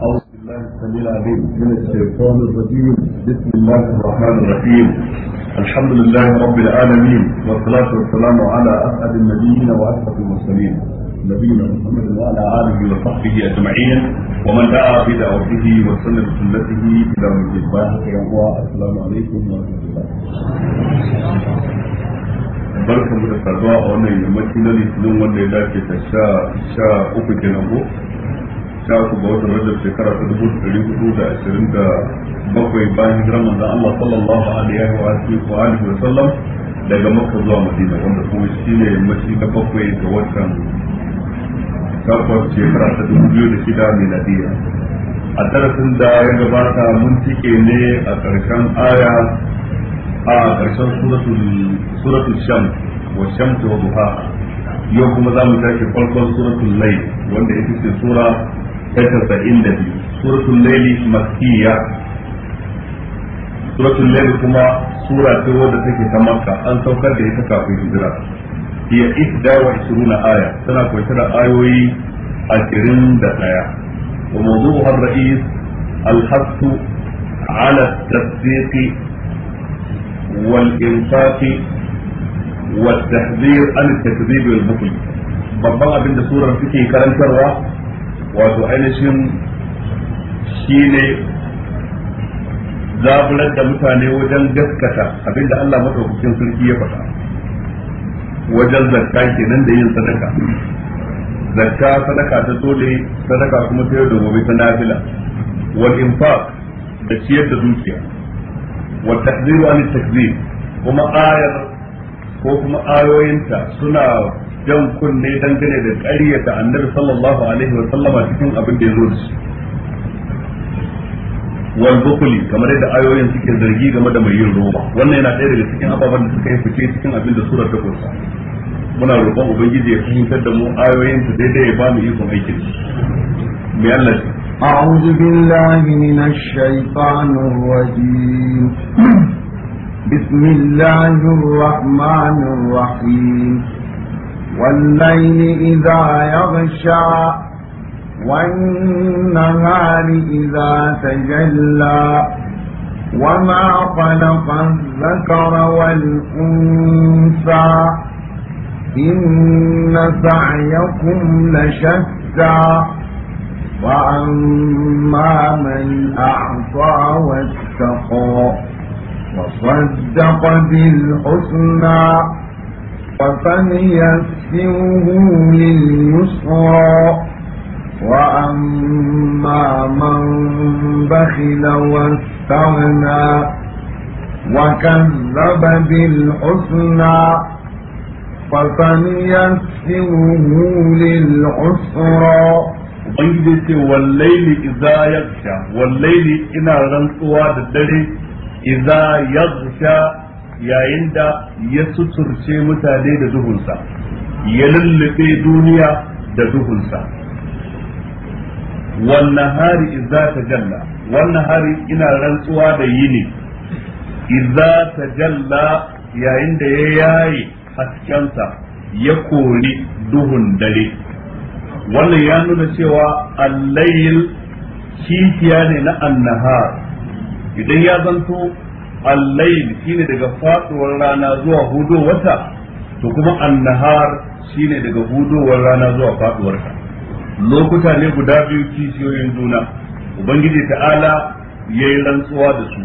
أعوذ بالله السميع العليم من الشيطان الرجيم بسم الله الرحمن الرحيم الحمد لله رب العالمين والصلاة والسلام على أسعد النبيين وأشرف المرسلين نبينا محمد وعلى آله وصحبه أجمعين ومن دعا بدعوته وسن بسنته إلى يوم الدين السلام عليكم ورحمة الله barkan mu da بارك a wannan yammaci na litinin wanda ya dace ta sha uku kenan ko sha uku ga watan rajab shekara ta dubu ɗari hudu da ashirin da bakwai bayan hijirar manzon Allah sallallahu alaihi wa alihi wa sallam daga Makka zuwa Madina wanda kuma shi ne mashi na bakwai ga watan takwas shekara ta dubu biyu da shida miladiya a darasin da ya gabata mun cike ne a ƙarshen aya a ƙarshen suratul sham wa shamsu wa duha yau kuma za mu tashi farkon suratul lai wanda ita ce sura tasa'in da biyu suratul laili makkiya suratul laili kuma sura ce wadda take ta makka an saukar da ita kafin hijira hiya isda wa isruna aya tana kwaita da ayoyi ashirin da daya wa mawdu'uha ar-ra'is al-hasu ala at-tasdiq والإنصاف والتحذير عن التكذيب والبخل. بابا بن سورة الفتي كلام wato ainihin ne zaburar da mutane wajen gaskata abinda Allah madaukakin sarki ya faɗa wajen zakka kenan da yin sadaka zakka sadaka ta dole sadaka kuma ta yau da gobe ta nafila wal infaq da ciyar da dukiya wa takziru an takzir kuma ayar ko kuma ayoyinta suna jan kunne dangane da ƙaryata annabi sallallahu alaihi wa sallama cikin abin da ya zo da shi wal bukuli kamar yadda ayoyin suke zargi game da mai yin roba wannan yana ɗaya daga cikin ababen da suka yi fice cikin abin da surar ta kunsa muna roƙon ubangiji ya fahimtar da mu ayoyin ta daidai ya ba mu ikon aikin mai Allah shi أعوذ بالله من الشيطان الرجيم بسم الله الرحمن الرحيم والليل إذا يغشى والنهار إذا تجلى وما خلق الذكر والأنثى إن سعيكم لشتى وأما من أعطى واتقى وصدق بالحسنى فليسره لليسرى وأما من بخل واستغنى وكذب بالحسنى فسنيسره للعسرى وإنجلس والليل إذا يغشى والليل إن غلطوا الدري إذا يغشى yayin da ya suturce mutane da duhunsa ya lullube duniya da duhunsa wannan hari idza ta jalla wannan hari ina rantsuwa da yini idza ta jalla yayin da ya yaye haskensa ya kori duhun dare wannan ya nuna cewa allayil kishiya ne na annahar idan ya zanto al-layl shine daga faduwar rana zuwa hudo to kuma an-nahar shine daga hudowar rana zuwa faduwar lokuta ne guda biyu kishiyoyin juna ubangiji ta'ala yayi rantsuwa da su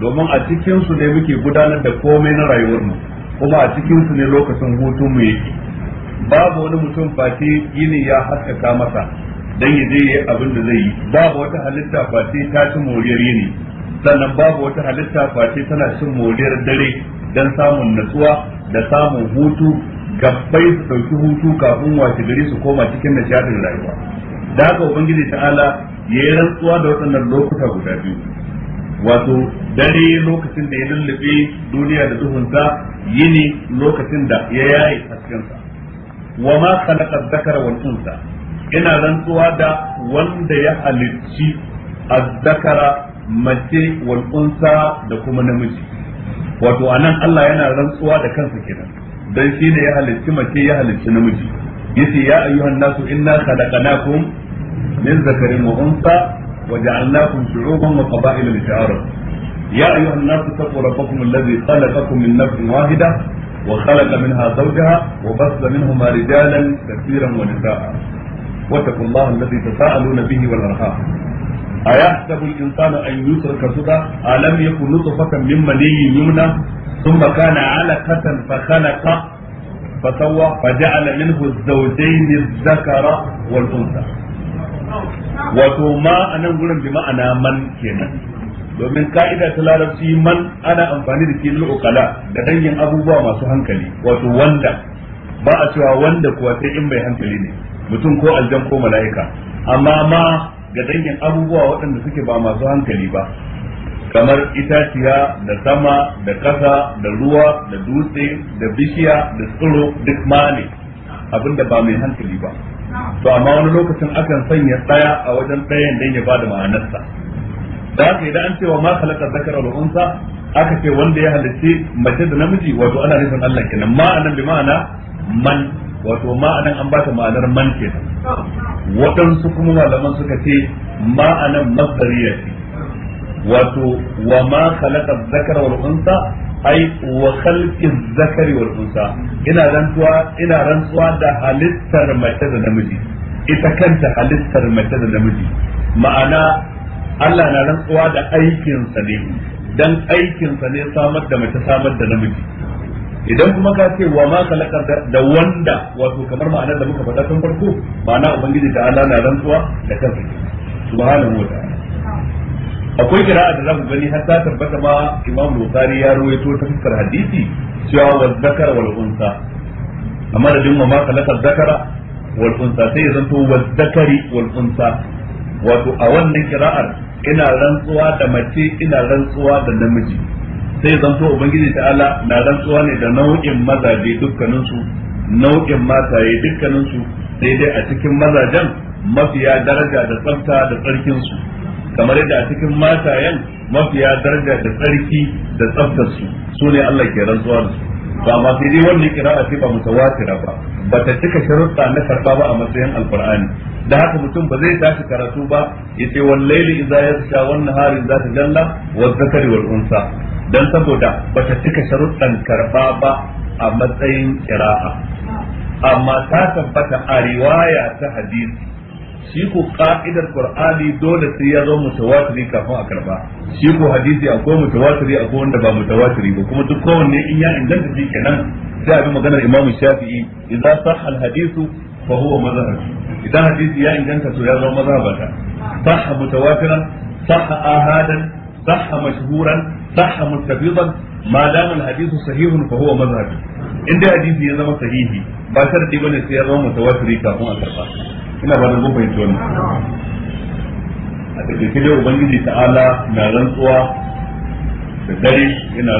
domin a cikinsu ne muke gudanar da komai na rayuwar mu kuma a cikinsu ne lokacin hutun mu yake babu wani mutum face yini ya haskaka masa dan ya je yayi abin da zai yi babu wata halitta face ta ci moriyar yini sannan babu wata halitta face tana cin moriyar dare don samun natsuwa da samun hutu gabbai su ɗauki hutu kafin wace gari su koma cikin nishaɗin rayuwa da haka ubangiji ta'ala ya yi rantsuwa da waɗannan lokuta guda biyu wato dare lokacin da ya lullube duniya da duhunsa yini lokacin da ya yaye haskensa wa ma khalaqa dhakara wal ina rantsuwa da wanda ya halicci azzakara mace wal da kuma namiji wato anan Allah yana rantsuwa da kansa kenan dan shi ne ya halicci mace ya halicci namiji yace ya ayyuhan nasu inna khalaqnakum min zakarin wa unsa وجعلناكم شعوبا وقبائل لتعارفوا يا ايها الناس اتقوا ربكم الذي خلقكم من نفس واحده وخلق منها زوجها وبث منهما wa nisa'a. ونساء واتقوا الله الذي تساءلون به والارحام أيحسب الإنسان أن يترك سدى ألم يكن نطفة من مني يمنى ثم كان علقة فخلق فسوى فجعل منه الزوجين الذكر والأنثى wato ma a nan gurin bi ma'ana man kenan domin ka'ida ta larabci man ana amfani da ke ukala da dangin abubuwa masu hankali wato wanda ba a cewa wanda kuwa sai in mai hankali ne mutum ko aljan ko mala'ika amma ma ga dangin abubuwa waɗanda suke ba masu hankali ba kamar itaciya da sama da ƙasa da ruwa da dutse da bishiya da tsiro duk ma ne abinda ba mai hankali ba to amma wani lokacin akan sanya tsaya a wajen ɗayan dan ya bada ma'anarsa da haka idan an cewa ma khalaqa zakar wal aka ce wanda ya halarci mace da namiji wato ana nufin Allah kenan ma'anar bi ma'ana man wato ma'anan an ba ta ma'anar man kenan waɗansu kuma malaman suka ce ma'anan masariya ce wato wa ma khalaqa dhakara wal unsa ai wa khalqi dhakari wal unsa ina rantsuwa ina rantsuwa da halittar mace da namiji ita kanta halittar mace da namiji ma'ana Allah na rantsuwa da aikinsa ne dan aikinsa ne samar da mace samar da namiji idan kuma ka ce wa ma kalakar da wanda wato kamar ma'anar da muka faɗa tun farko ma'ana ubangiji da Allah na rantsuwa da kansa subhanahu wa ta'ala akwai kira'a da zamu gani har ta tabbata ma Imam Bukhari ya rawaito ta fuskar hadisi cewa wa zakara wal unsa amma da dinwa ma kalakar zakara wal unsa sai ya zanto wa zakari wal unsa wato a wannan kira'ar ina rantsuwa da mace ina rantsuwa da namiji sai zanto ubangiji ta'ala na rantsuwa ne da nau'in mazaje dukkanin su nau'in mataye dukkanin su sai a cikin mazajen mafiya daraja da tsafta da tsarkin su kamar yadda a cikin matayen mafiya daraja da tsarki da tsaftar su su ne Allah ke rantsuwa da su ba ma sai dai wannan kira'a ce ba mutawatira ba ba ta cika sharuɗa na karɓa ba a matsayin alkur'ani da haka mutum ba zai tashi karatu ba yace wal ya idza yasha wannan harin zata tajalla wa zakari wal unsa dan saboda ba ta cika sharuɗan karba ba a matsayin kira'a amma ta tabbata a riwaya ta hadisi shi ko ka'idar qur'ani dole sai ya zo mutawatiri kafin a karba shi ko hadisi akwai mutawatiri akwai wanda ba mutawatiri ba kuma duk kowanne in ya inganta shi kenan sai a bi maganar imam shafi'i idan sah al hadisu fa huwa mazhab idan hadisi ya inganta to ya zo mazhabata sah mutawatira sah ahadan صح مشهورا صح مستفيضا ما دام الحديث صحيح فهو مذهبي عند حديث يزما صحيح ba sharadi bane sai ya zama mutawatiri kafin a karba ina ba da mun fahimci wannan a takaice dai ubangiji ta'ala na rantsuwa da dare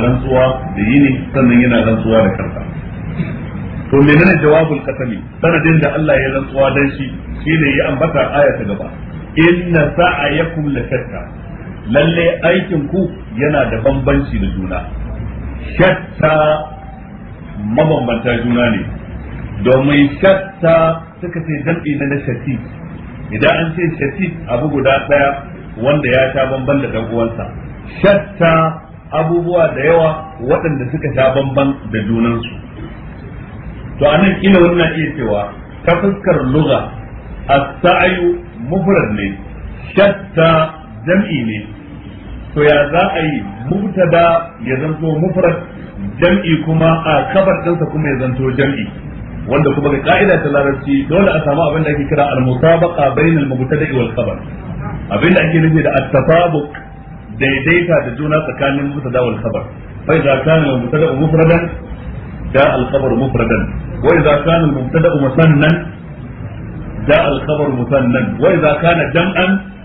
rantsuwa da yini sannan yana rantsuwa da to menene jawabul qasami sanadin da Allah ya rantsuwa dan shi shine ya ambata aya ta gaba inna sa'ayakum lakatta lalle aikin ku yana da bambanci da juna shatta mabambanta juna ne domin shatta suka ce jam'i na shati idan an ce shati abu guda daya wanda ya sha bamban da uwansa shatta abubuwa da yawa waɗanda suka sha bamban da junansu to a anan kila wannan iya cewa ta fuskar lugha A sa'ayu, mufrad ne shatta jam'i ne to ya za a yi mubtada ya zanto mufrad jam'i kuma a kabar ɗinsa kuma ya zanto jam'i wanda kuma ga ka'ida ta larabci dole a samu abin da ake kira al-musabaqa bainal mubtada'i wal khabar abin da ake nufi da at-tafabuq daidaita da juna tsakanin mubtada wal khabar fa idza kana al-mubtada mufradan da al-khabar mufradan wa idza kana al-mubtada musannan da al-khabar musannan wa idza kana jam'an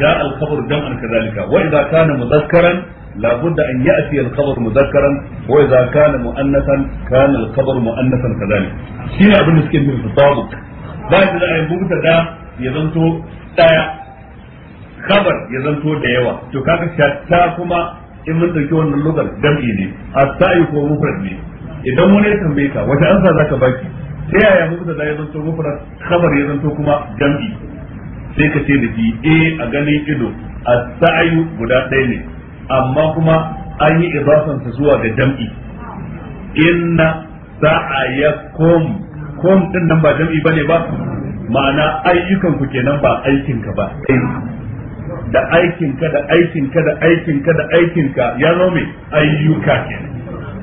جاء الخبر جمعا كذلك وإذا كان مذكرا لابد أن يأتي الخبر مذكرا وإذا كان مؤنثا كان الخبر مؤنثا كذلك شيء أبن مسكين من التطابق بعد ذلك مبتدا يزنتو تايا kabar ya zanto da yawa to kaga shatta kuma in mun dauki wannan lugar jam'i ne as-sa'i ko mufrad ne idan wani ya tambaye ka wata ansa zaka baki ta yaya mubtada ya zanto ya kuma jam'i sai ka ce da shi a eh, a ganin ido a sa'ayu guda ɗaya ne amma kuma an yi idafansa zuwa ga jam'i inna kom kom din nan ba jam'i bane ba ma'ana ayyukan ku kenan ba aikin ka ba da aikin ka da aikin ka da aikin ka da aikin ka ya zo me ayyuka kenan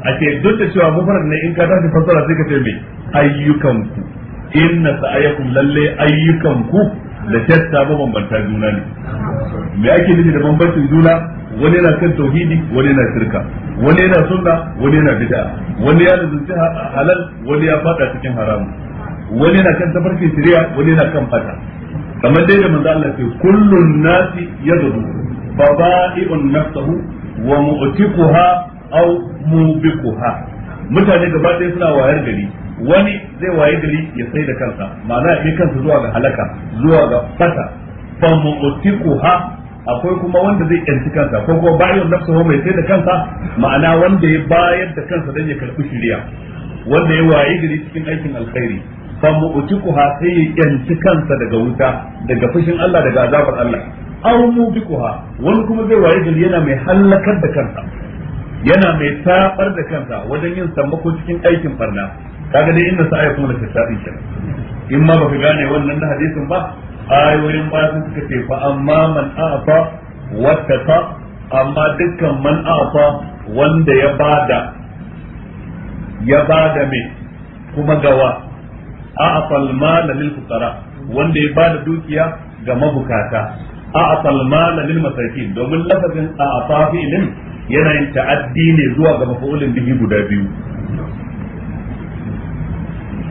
a ce duk da cewa mafarar ne in ka tashi fasara sai ka ce me ayyukan ku inna sa'ayakum lalle ayyukan ku da shasta mabambanta juna ne me ake nufi da bambancin juna wani yana kan tauhidi wani yana shirka wani yana sunna wani yana bid'a wani ya lazunci halal wani ya fada cikin haramu wani yana kan tafarkin shari'a wani yana kan fata kamar dai da manzo Allah ce kullun nasi yaghdu baba'i'un nafsuhu wa mu'tiquha aw mubiquha mutane gaba ɗaya suna wayar gari wani zai waye gari ya sai da kansa ma'ana ya kansa zuwa ga halaka zuwa ga fata fa mu'tiquha akwai kuma wanda zai yanci kansa ko kuma bayan nafsuhu mai sai da kansa ma'ana wanda ya bayar da kansa dan ya karbi shiriya wanda ya waye gari cikin aikin alkhairi fa mu'tiquha sai ya yanci kansa daga wuta daga fushin Allah daga azabar Allah aw mu'tiquha wani kuma zai waye gari yana mai halakar da kansa yana mai tabar da kansa wajen yin sammako cikin aikin barna kaga dai inna sa'a kuma da tasadin kenan in ma baka gane wannan da hadisin ba ayoyin ba sun suka ce fa amma man a'fa wattaqa amma dukkan man a'fa wanda ya bada ya bada me kuma gawa a'fa al-mal lil fuqara wanda ya bada dukiya ga mabukata a'fa al-mal lil masakin domin lafazin a'fa fi'lin yana yin ta'addi ne zuwa ga mafi'ulin bihi guda biyu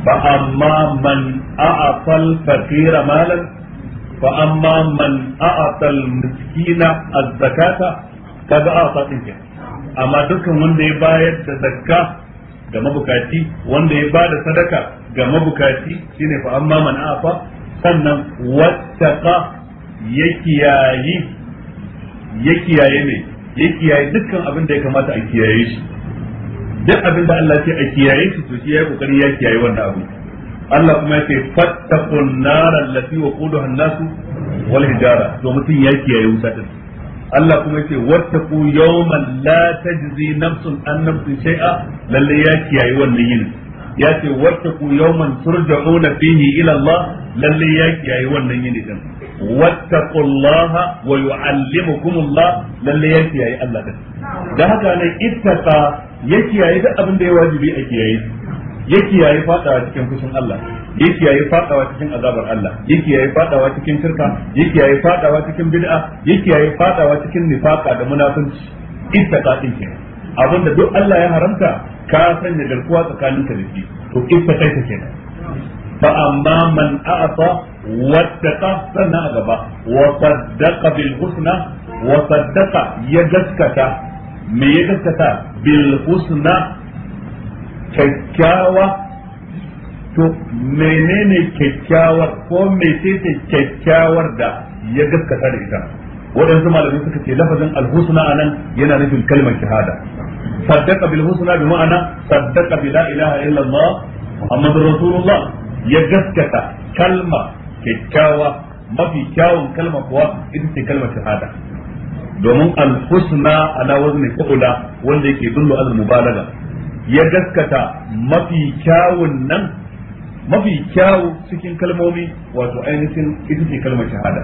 fa amma man a'afal fakira malan fa amma man a'atal miskina az-zakata kaga a'ata din ke amma dukkan wanda ya bayar da zakka ga mabukaci wanda ya bada sadaka ga mabukaci shine fa amma man a'afa sannan wattaqa yakiyayi kiyaye ne ya kiyaye dukkan abin da ya kamata a kiyaye shi duk abin da Allah ce a kiyaye shi to shi ya kokari ya kiyaye wannan abu Allah kuma ya ce fattaqun nar allati waquduha an-nas wal hijara to mutum ya kiyaye wuta din Allah kuma ya ce wattaqu yawman la tajzi nafsun an nafsin shay'a lalle ya kiyaye wannan yinin ya ce wattaqu yawman turja'una fihi ila Allah lalle ya kiyaye wannan yinin din wattaqullaha wa yu'allimukumullah lallai ya kiyaye Allah da haka ne ittaqa ya kiyaye duk abin da ya wajibi a kiyaye ya kiyaye fadawa cikin fushin Allah ya kiyaye fadawa cikin azabar Allah ya kiyaye fadawa cikin shirka ya kiyaye fadawa cikin bid'a ya kiyaye fadawa cikin nifaqa da munafunci ittaqa din kenan abinda duk Allah ya haramta ka sanya garkuwa tsakanin ta shi to ittaqa na. fa amma man a'ta wattaqa gaba wa saddaqa bil husna wa saddaqa ya gaskata me ya gaskata to menene kyakkyawar ko mecece kyakkyawar da ya gaskata da ita waɗansu malamai suka ce lafazin alhusna anan yana nufin kalmar shahada saddaka bil husna bi ma'ana saddaka bi la ilaha illallah muhammadur rasulullah ya gaskata kalma kyakkyawa mafi kyawun kalma kuwa ita ce kalmar shahada domin al-husna ala wazni qawla wanda yake dullu al mubalaga ya gaskata mafi kyawun nan mafi kyawu cikin kalmomi wato ainihin ita ce kalmar shahada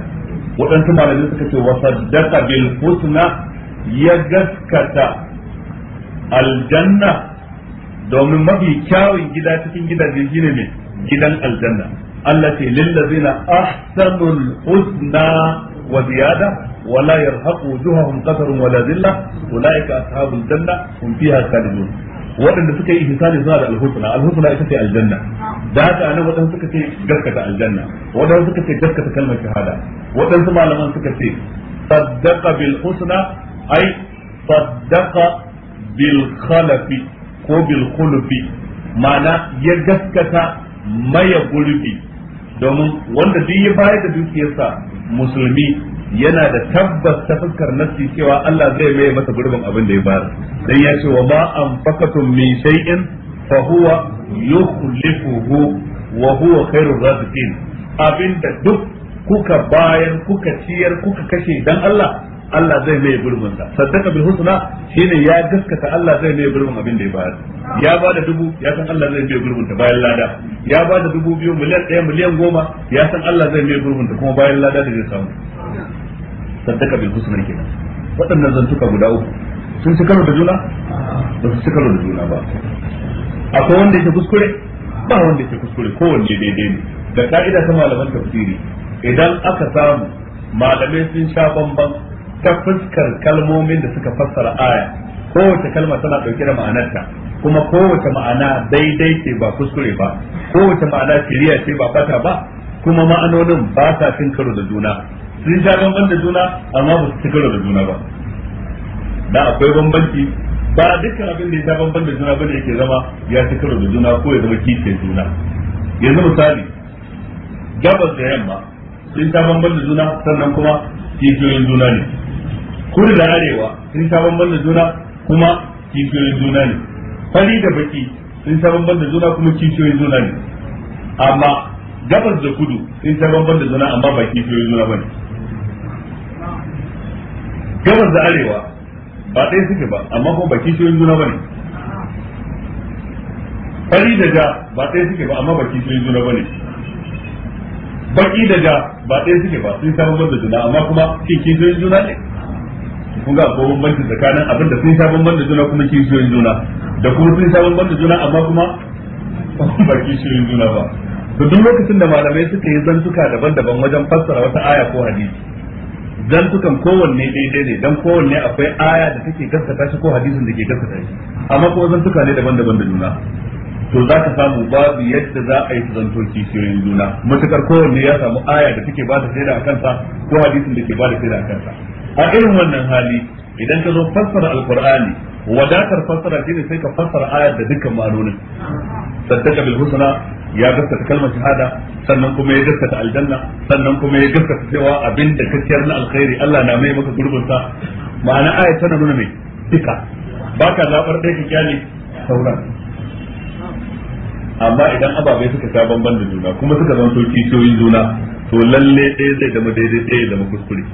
waɗansu malamai suka ce wa saddaqa bil husna ya gaskata aljanna domin mafi kyawun gida cikin gidaje shine ne gidan aljanna Allah ce lillazina ahsanul husna wa ziyada wa la yarhaqu wujuhahum qatarun wa la dhilla ulaika ashabul janna hum fiha khalidun waɗanda suka yi ihsani suna da alhusna alhusna ita ce aljanna da haka anan waɗansu suka ce gaskata aljanna waɗansu suka ce gaskata kalmar shahada waɗansu malaman suka ce saddaqa bil husna ai saddaqa bil khalafi ko bil khulufi ma'ana ya gaskata maye gurbi domin wanda duk ya bayar da dukiyarsa musulmi yana da tabbas ta fuskar nasi cewa Allah zai maye masa gurbin abin da ya bayar dan ya ce wa ma anfaqatum min shay'in fa huwa yukhlifuhu wa huwa khairu abinda duk kuka bayan kuka ciyar kuka kashe dan Allah Allah zai mai gurbin sa saddaka bil husna shine ya gaskata Allah zai mai gurbin abin da ya bayar ya ba da dubu ya san Allah zai mai gurbin ta bayan lada ya ba da dubu biyu miliyan ɗaya miliyan goma ya san Allah zai mai gurbin ta kuma bayan lada da zai samu saddaka bil husna kenan waɗannan zantuka guda uku sun ci karo da juna ba su ci karo da juna ba akwai wanda yake kuskure ba wanda yake kuskure kowanne daidai ne da ka'ida ta malaman tafsiri idan aka samu malamai sun sha bamban ta fuskar kalmomin da suka fassara aya kowace kalma tana dauke da ma'anarta kuma kowace ma'ana daidai ce ba kuskure ba kowace ma'ana shiriya ce ba fata ba kuma ma'anonin ba sa cin karo da juna sun sha bambam da juna amma ba su ci karo da juna ba da akwai bambanci ba dukkan abin da ya sha bambam da juna bane yake zama ya ci karo da juna ko ya zama kishiyar juna yanzu misali gabas da yamma sun sha bambam da juna sannan kuma kishiyoyin juna ne kudu da arewa sun sha bamban da juna kuma kishiyoyin juna ne fari da baki sun sha bamban da juna kuma kishiyoyin juna ne amma gabas da kudu sun sha bamban da juna amma ba kishiyoyin juna ba ne. gabas da arewa ba ɗaya suke ba amma kuma ba kishiyoyin juna ba ne. fari da ja ba ɗaya suke ba amma ba kishiyoyin juna ba ne. baki da ja ba ɗaya suke ba sun sha bamban da juna amma kuma kishiyoyin juna ne kun ga akwai bambanci tsakanin abinda sun sha bamban da juna kuma kishiyoyin juna da kuma sun sha bamban da juna amma kuma ba kishiyoyin juna ba to duk lokacin da malamai suka yi zantuka daban-daban wajen fassara wata aya ko hadisi zantukan kowanne daidai ne dan kowanne akwai aya da take gaskata shi ko hadisin da ke gaskata shi amma kuma zantuka ne daban-daban da juna to za ka samu babu yadda za a yi su zanto kishiyoyin juna matukar kowanne ya samu aya da take ba da shaida a kansa ko hadisin da ke ba da shaida a kansa a irin wannan hali idan ka zo fassara alkur'ani wadatar fassara shine sai ka fassara ayar da dukkan ma'anonin saddaka bil husna ya gaskata kalmar shahada sannan kuma ya gaskata aljanna sannan kuma ya gaskata cewa abin da kaciyar na alkhairi Allah na mai maka gurbin sa ma'ana ayar tana nuna mai duka baka zabar ɗaya ka kyale sauran amma idan ababe suka sha bamban da juna kuma suka zanto kishiyoyin juna to lalle ɗaya zai zama daidai ɗaya zama kuskure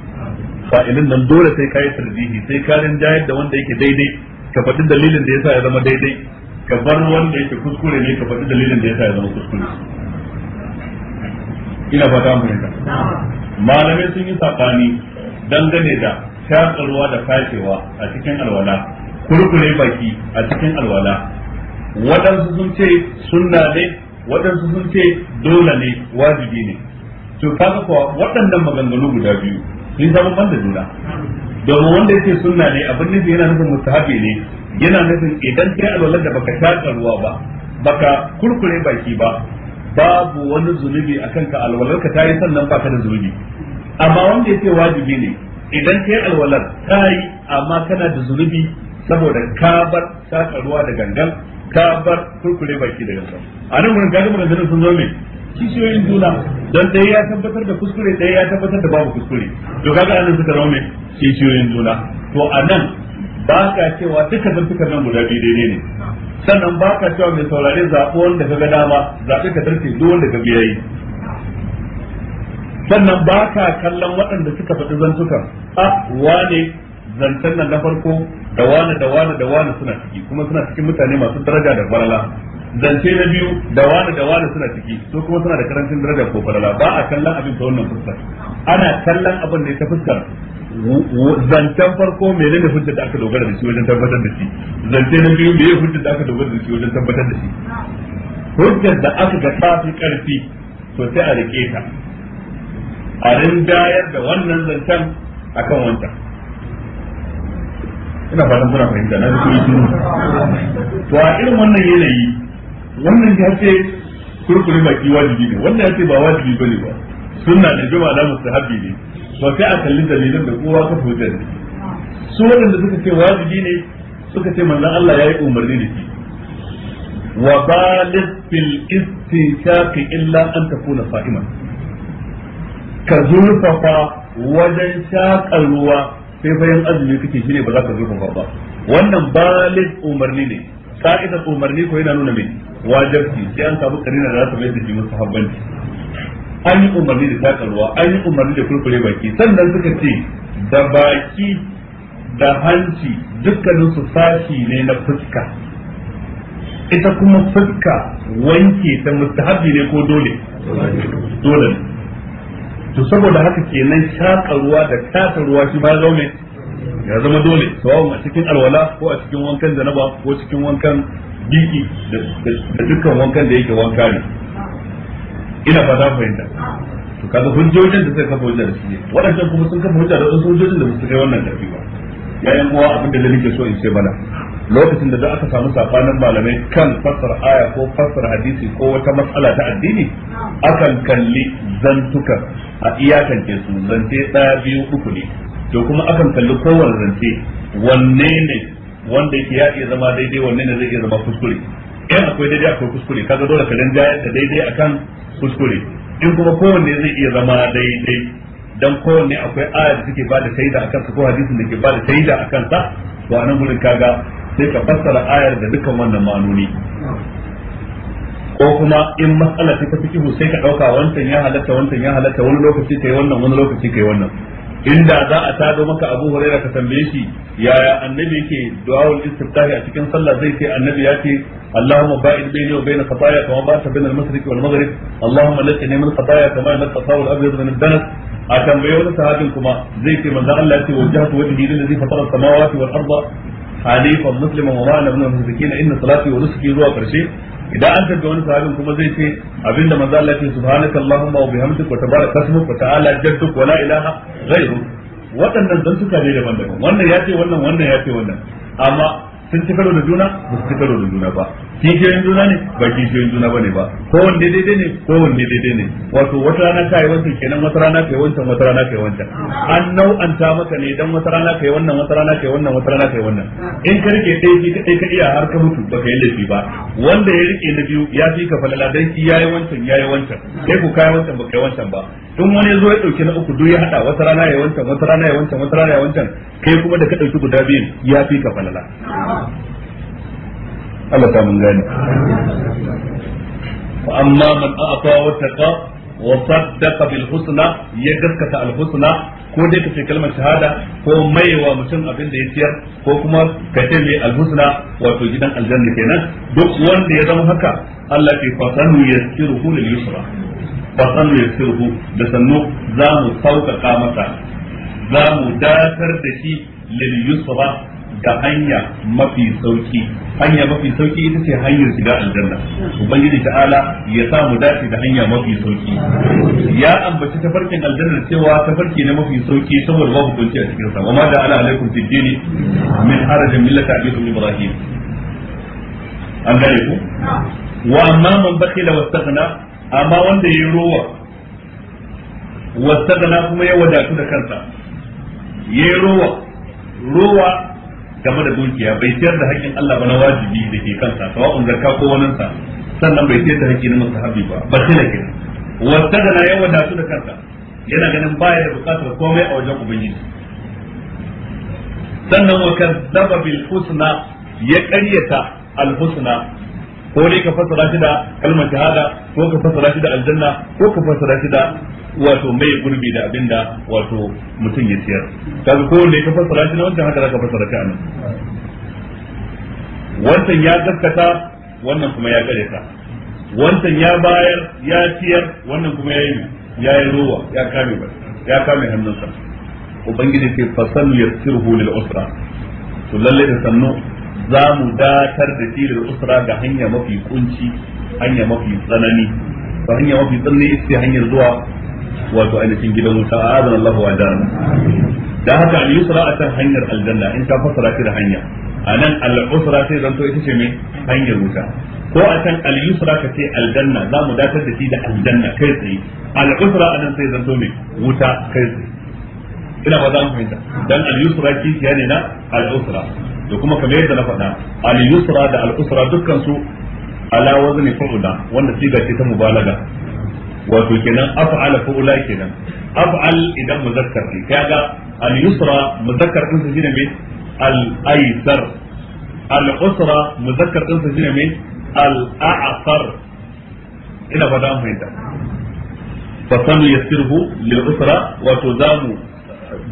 fa'ilin nan dole sai ka yi tarjihi sai ka rinjayar da wanda yake daidai ka faɗi dalilin da ya sa ya zama daidai ka bar wanda yake kuskure ne ka faɗi dalilin da ya sa ya zama kuskure ina fata mu yanka malamai sun yi saɓani dangane da shakarwa da fashewa a cikin alwala kurkure baki a cikin alwala waɗansu sun ce sunna ne waɗansu sun ce dole ne wajibi ne to kaga kuwa waɗannan maganganu guda biyu sun za bamban da juna domin wanda yake sunna ne abin nufi yana nufin mustahabi ne yana nufin idan kai alwalar da baka shaƙa ruwa ba baka kurkure baki ba babu wani zunubi akan ka alwalar ka tayi sannan baka da zunubi amma wanda yake wajibi ne idan kai alwalar tayi amma kana da zunubi saboda ka bar shaƙa ruwa da gangan ka bar kurkure baki da gangan a nan wurin gadi maganganun sun zo ne kishiyoyin juna don ɗaya ya tabbatar da kuskure ɗaya ya tabbatar da babu kuskure to kaga anan suka zama kishiyoyin juna to a nan ba ka cewa duka zantukan nan guda biyu daidai ne sannan ba ka cewa mai saurari zaɓo wanda ka ga dama zaɓi ka tarfe duk wanda ka biya sannan ba ka kallon waɗanda suka faɗi zantukan a wane zancen nan na farko da wane da wane da wane suna ciki kuma suna cikin mutane masu daraja da farala zance na biyu da wani da wani suna ciki su kuma suna da karancin darajar ko farala ba a kallon abin ta wannan fuskar ana kallon abin ne ta fuskar zancen farko menene hujja da aka dogara da shi wajen tabbatar da shi zance na biyu me hujja da aka dogara da shi wajen tabbatar da shi hujjar da aka ga tafi karfi to sai a rike ta a rinjayar da wannan zancen akan wancan ina fatan kuna fahimta na su yi to a irin wannan yanayi wannan ya ce kurkure baki wajibi ne wannan ya ce ba wajibi ba ne ba suna da jama'a da mustahabi ne to sai a kalli dalilan da kowa ka fujar su waɗanda suka ce wajibi ne suka ce manzon Allah ya yi umarni da shi wa balig fil istinshaqi illa an takuna sa'iman ka zurfafa wajen shakar ruwa sai bayan azumi kake shine ba za ka zurfafa ba wannan balig umarni ne ka'idar umarni ko yana nuna mai wajibci sai an samu karina da za ta mai da shi an yi umarni da takarwa an yi umarni da kurkure baki sannan suka ce da baki da hanci dukkanin su sashi ne na fuska ita kuma fuska wanke ta mustahabi ne ko dole dole to saboda haka kenan shaƙa ruwa da takarwa ruwa shi ba zaune ya zama dole sawa'un a cikin alwala ko a cikin wankan janaba ko cikin wankan girki da dukkan wankan da yake wanka ne ina ba za fahimta to kaga hujjojin da suka kafa hujjar su ne waɗancan kuma sun kafa hujjar da wasu hujjojin da suka kai wannan karfi ba yayin kuwa abin da nake so in ce mana lokacin da za aka samu sabanin malamai kan fassar aya ko fassar hadisi ko wata matsala ta addini akan kalli zantukan a ke su zance ɗaya biyu uku ne to kuma akan kalli kowane zance wanne ne wanda yake ya iya zama daidai wanne ne zai iya zama kuskure in akwai daidai akwai kuskure kaga dole ka danja da daidai akan kuskure in kuma kowanne zai iya zama daidai dan kowanne akwai aya da take bada shaida akan sa ko hadisin da ke bada shaida akan sa to anan gurin kaga sai ka fassara ayar da dukkan wannan ma'anoni ko kuma in matsala ta ta sai ka dauka wancan ya halatta wancan ya halatta wani lokaci kai wannan wani lokaci kai wannan inda za a tado maka Abu Hurairah ka tambaye shi yaya annabi yake du'aul istiftahi a cikin sallah zai ce annabi ya ce Allahumma ba'id baini wa bain khataaya kama ba'adta bain al-mashriqi wal maghrib Allahumma lakini min khataaya kama lakka sawul abyad min ad-danas a tambaye wani sahabin kuma zai ce manzo Allah ya ce wajhatu wajhi lillazi fatara as-samawati wal arda hanifan musliman wa ma'ana min al-mushrikin inna salati wa nusuki zuwa karshe idan an tabbata wani sahabin kuma zai ce abinda manzo Allah ce subhanaka allahumma wa bihamdika wa tabaraka ismuka wa ta'ala jadduk wa la ilaha ghayruk waɗannan zantuka ne daban-daban wannan ya ce wannan wannan ya ce wannan amma sun ci karo da juna ba su ci karo da juna ba kishiyoyin juna ne ba kishiyoyin juna ba ne ba ko wanne daidai ne ko wanne daidai ne wato wata rana ka yi wancan kenan wata rana ka yi wancan wata rana ka yi wancan an nau'anta maka ne dan wata rana ka yi wannan wata rana ka yi wannan wata rana ka yi wannan in ka rike ɗaya ki kaɗai ka iya har ka mutu ba ka yi laifi ba wanda ya rike na biyu ya fi ka falala dan ki ya yi wancan ya yi wancan kai ku yi wancan ba ka yi wancan ba in wani ya zo ya ɗauki na uku duk ya haɗa wata rana ya wancan wata rana ya wancan wata rana ya wancan kai kuma da ka ɗauki guda biyun ya fi ka falala Allah ta mun fa amma man a'ta wa taqa wa saddaqa bil husna ya gaskata al husna ko dai ka kalmar shahada ko maiwa mutum abin da ya ciyar ko kuma kace mai al husna wato gidan aljanna kenan duk wanda ya zama haka Allah ke fasanu yaskiruhu lil yusra fasanu yaskiruhu da sannu za mu sauƙaƙa masa za mu datar da shi lil yusra da hanya mafi sauki hanya mafi sauki ita ce hanyar shiga aljanna ubangiji ta'ala ya sa mu dace da hanya mafi sauki ya ambaci tafarkin aljanna cewa tafarki ne mafi sauki saboda babu kunci a cikin sa amma da ala alaikum fi min harajin millata abikum ibrahim an gane ku wa amma man bakhila wastaghna amma wanda yayi rowa wastaghna kuma ya wadatu da kansa yayi rowa rowa game da dukiya bai ciyar da haƙƙin Allah ba na wajibi da ke kansa sawa'un zakka ko wani sa sannan bai ciyar da haƙƙi na musahabi ba ba shi da kenan wanda da ya wadatu da kansa yana ganin baya da bukatar komai a wajen ubangiji sannan wa kazzaba bil husna ya ƙaryata al husna ko ne ka fassara shi da kalmar shahada ko ka fassara shi da aljanna ko ka fassara shi da wato mai gurbi da abin da wato mutum ya siyar kaga ko ne ka fassara shi na wancan haka zaka fassara ta anan wancan ya gaskata wannan kuma ya kare ta wancan ya bayar ya siyar wannan kuma ya yi ya yi rowa ya kame ba ya kame hannunsa ubangiji ke fasal sirhu lil usra to lalle da sannu za mu datar da shi lil usra ga hanya mafi kunci hanya mafi tsanani ba hanya mafi tsanani ita hanyar zuwa wato ainihin gidan wuta a azan Allah wa dan dan haka al yusra a kan hanyar aljanna in ta fasara ta da hanya anan al usra sai zanto ita ce me hanyar wuta ko a can al yusra ka ce aljanna za mu datar da shi da aljanna kai tsaye al usra anan sai zanto me wuta kai tsaye ina ba za mu fahimta dan al yusra kishiya ne na al usra da kuma kamar yadda na faɗa al yusra da al usra dukkan su ala wazni fa'ula wanda siga ce ta mubalaga wato kenan af'ala fu'ula kenan af'al idan muzakkar ne kaga al yusra muzakkar din sa shine me al aysar al usra muzakkar din sa shine me al a'sar ina fada mu ita fa sanu yasiruhu lil usra wato zamu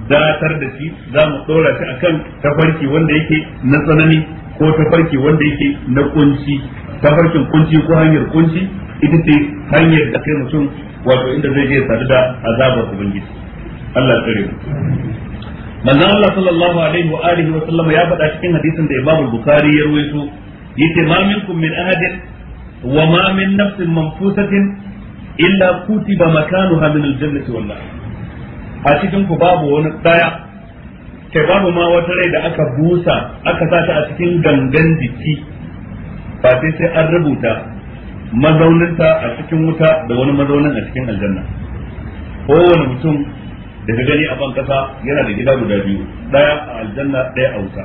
datar da shi zamu dora shi akan tafarki wanda yake na tsanani ko tafarki wanda yake na kunci tafarkin kunci ko hanyar kunci ita ce hanyar da kai mutum wato inda zai je sadu da azabar ubangiji Allah tsare mu manzon Allah sallallahu alaihi wa alihi wa sallam ya faɗa cikin hadisin da Imam Bukhari ya rawaito yace ma minkum min ahadin wa ma min nafsin manfusatin illa kutiba makanuha min al-jannati wan nar a cikin ku babu wani daya kai babu ma wata rai da aka busa aka sa ta a cikin gangan jiki fati sai an rubuta mazauninta a cikin wuta da wani mazaunin a cikin aljanna kowane mutum da ka gani a ban kasa yana da gida guda biyu ɗaya a aljanna daya a wuta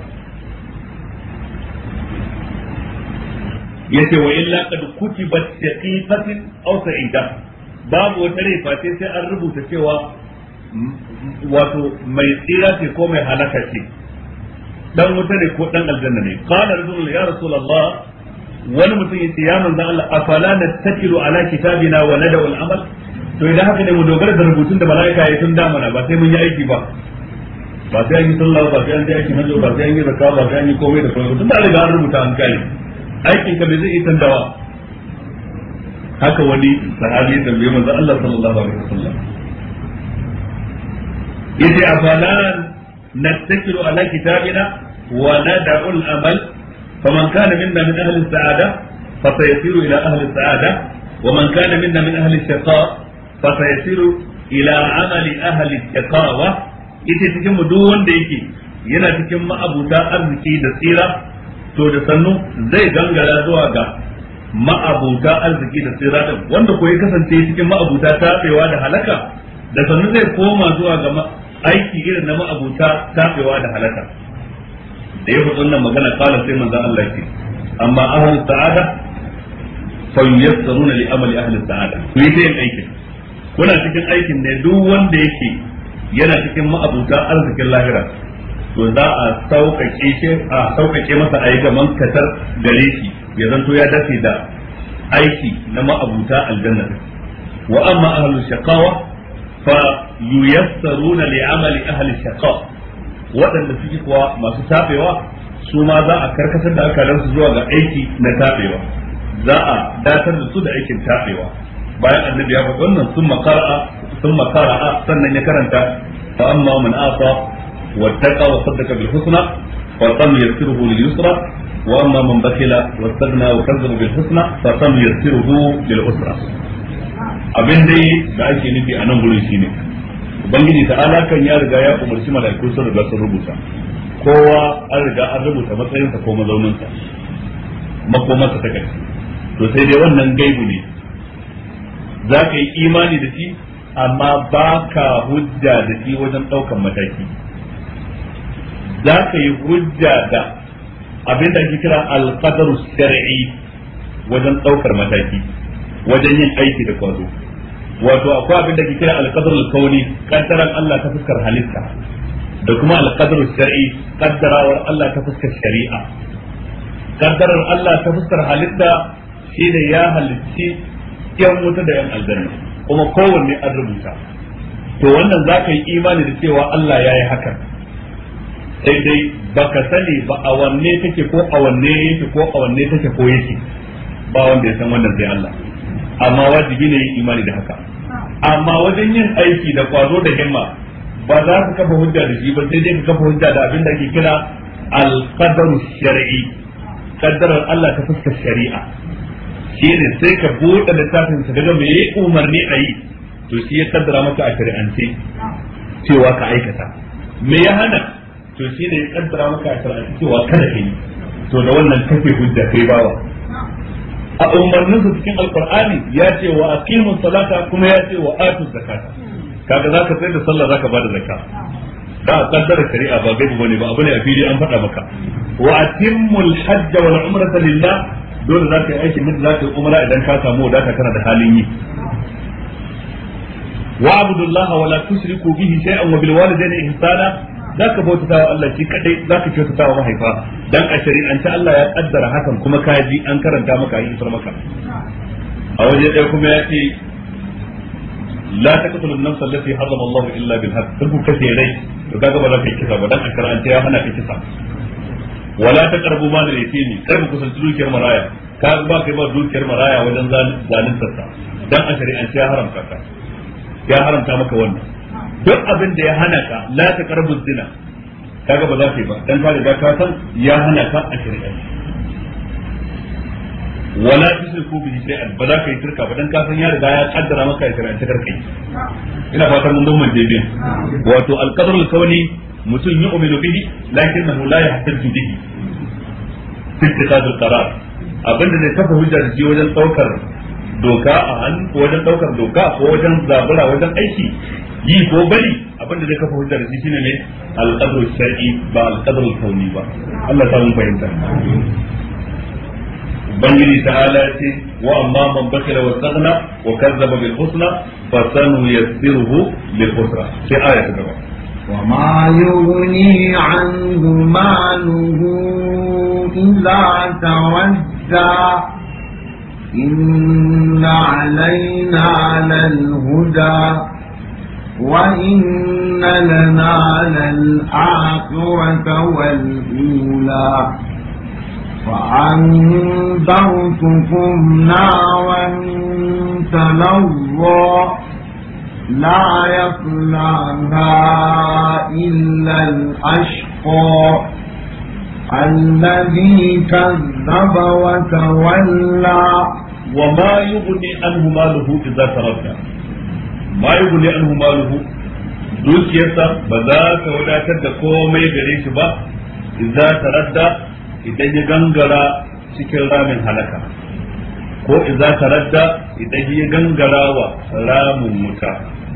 yace wa illa qad kutibat shaqiqatin aw sa'ida babu wata rai face sai an rubuta cewa wato mai tsira ce ko mai halaka ce dan wuta ne ko dan aljanna ne qala rasulullah ya rasulullah wani mutum ya ce ya manzo Allah afala nattakilu ala kitabina wa nad'u al-amal to idan haka ne mu dogara da rubutun da malaika ya tun damana ba sai mun yi aiki ba ba sai an yi sallah ba sai an yi aiki hajji ba sai an yi zakka ba sai an yi komai da komai tun da Allah an rubuta an kai aikin ka bai zai yi tandawa haka wani sahabi ya tambaye manzo Allah sallallahu alaihi wasallam yace afala nattakilu ala kitabina wa nad'u al-amal فمن كان منا من أهل السعادة فسيسير إلى أهل السعادة ومن كان منا من أهل الشقاء فسيسير إلى عمل أهل الشقاوة ita cikinmu mu duk wanda yake yana cikin ma'abuta arziki da tsira to da sannu zai gangara zuwa ga ma'abuta arziki da tsira wanda ko kasance cikin ma'abuta tafewa da halaka da sannu zai koma zuwa ga aiki irin na ma'abuta tafewa da halaka da ya faɗi wannan magana kala sai manzon Allah ce amma ahlus sa'ada fa yuyassaruna li amali ahlus sa'ada ku yi yin aikin kuna cikin aikin ne duk wanda yake yana cikin ma'abuta arzikin lahira to za a sauƙaƙe shi a sauƙaƙe masa ayyukan katar gare shi ya zanto ya dace da aiki na ma'abuta aljanna wa amma ahlus shaqawa fa yuyassaruna li amali ahli shaqawa waɗanda suke kuwa masu tafewa, su ma za a karkatar da su zuwa ga aiki na tafewa, za a datar da su da aikin tafewa. bayan annabi ya faɗi wannan sun makara sun makara sannan ya karanta fa amma man asa wa taqa wa saddaka bil husna fa sam yasiruhu lil yusra wa amma man bakila wa stagna wa kazzaba bil husna fa sam yasiruhu lil usra abin dai da ake nufi a nan gurin shine ubangiji ta alakan ya riga ya umarci mala'iku sun riga sun rubuta kowa an riga an rubuta matsayinsa ko mazauninsa makomarsa ta ƙarshe to sai dai wannan gaibu ne za ka yi imani da shi amma ba ka hujja da shi wajen ɗaukan mataki za ka yi hujja da abin da ake kira alƙadar shari'i wajen ɗaukar mataki wajen yin aiki da kwazo wato akwai abin da ke kira alqadar alkauni kaddaran Allah ta fuskar halitta da kuma alƙadar shar'i kaddarawar Allah ta fuskar shari'a ƙaddarar Allah ta fuskar halitta shine ya halicci yan wuta da yan aljanna kuma kowanne an rubuta to wannan za ka yi imani da cewa Allah ya yi hakan sai dai baka sani ba a wanne take ko a wanne yake ko a wanne take ko yake ba wanda ya san wannan sai Allah amma wajibi ne yin imani da haka amma wajen yin aiki da kwazo da himma ba za ka kafa hujja da shi ba sai dai ka kafa hujja da abin da ake kira al shari'i. shar'i kaddarar Allah ta fuskar shari'a shi ne sai ka buɗe littafin sa daga mai umarni a yi to shi ya kaddara maka a shari'ance cewa ka aikata me ya hana to shi ne ya kaddara maka a shari'ance cewa kada ka yi to da wannan kafe hujja kai bawa a umarnin su cikin alkur'ani ya ce wa aqimu salata kuma ya ce wa atu zakata kaga zaka sai da sallah zaka bada zakka da kaddara shari'a ba gaibi bane ba abu ne a fili an faɗa maka wa atimmul hajj wal umrata lillah dole zaka yi aikin mutum zaka yi umra idan ka samu wadata kana da halin yi wa abudullaha wala la tushriku bihi shay'an wa bil ihsana Za ka bauta wa Allah shi kadai ka kyauta wa mahaifa dan a shari'ance Allah ya kaddara hakan kuma ka ji an karanta maka yi isar maka a waje ɗaya kuma ya ce la taqtulu an-nafs allati harrama Allah illa bil haqq duk kace rai to kaga ba za ka kisa ba dan a karanta ya hana ka kisa wala taqrabu ma al-yatimi kar ku kusanci dukiyar maraya ka ba kai ba dukiyar maraya wajen zalunta dan a shari'ance ya haramta ka ya haramta maka wannan duk abin da ya hana ka la ta karbu zina kaga ba za ka yi ba dan ka da ka san ya hana ka a shari'a wala tusriku bi sai ba za ka yi turka ba dan ka san ya riga ya kaddara maka ya shari'a ta kai ina fatan mun gumman biyan wato al-qadrul kawni mutum yu'minu bihi lakinnahu la yahtaju bihi fi ittikadul qarar abinda zai kafa da ji wajen daukar doka a hannu ko wajen daukar doka ko wajen zabura wajen aiki yi ko bari abinda zai kafa hujja da shi shine ne alqadru shar'i ba alqadru kauni ba Allah ta mun fahimta ubangiji ta'ala ce wa amma man bakila wa saghna wa kazzaba bil husna fa sanu yassiruhu lil husra sai aya ta gaba وما يغني عنه ماله إذا تردى إن علينا للهدى وإن لنا للآخرة والأولى فأنذرتكم نارا تلظى لا يصلاها إلا الأشقى الذي كذب وتولى وما يغني عنه ماله إذا تركه ما يغني عنه ماله dukiyarsa بذاك za ta wadatar da komai gare shi ba idza taradda idan cikin ramin halaka ko idza taradda idan ya gangara wa ramin wuta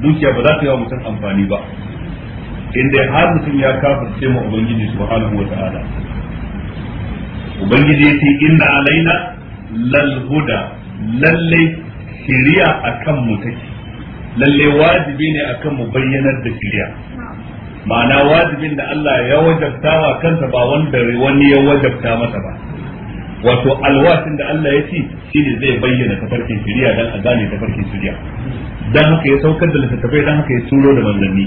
dukiya ba za ta yi wa mutum amfani ba inda har mutum ya kafa kafirce mu ubangiji subhanahu wa ta'ala ubangiji ya ce inna alaina lalhuda lalle shiriya akan mu take lalle wajibi ne akan mu bayyanar da shiriya ma'ana wajibin da Allah ya wajabta wa kansa ba wanda wani ya wajabta masa ba wato alwasin da Allah ya ci shine zai bayyana tafarkin shiriya dan a gane tafarkin shiriya dan haka ya saukar da littattafai dan haka ya turo da manzanni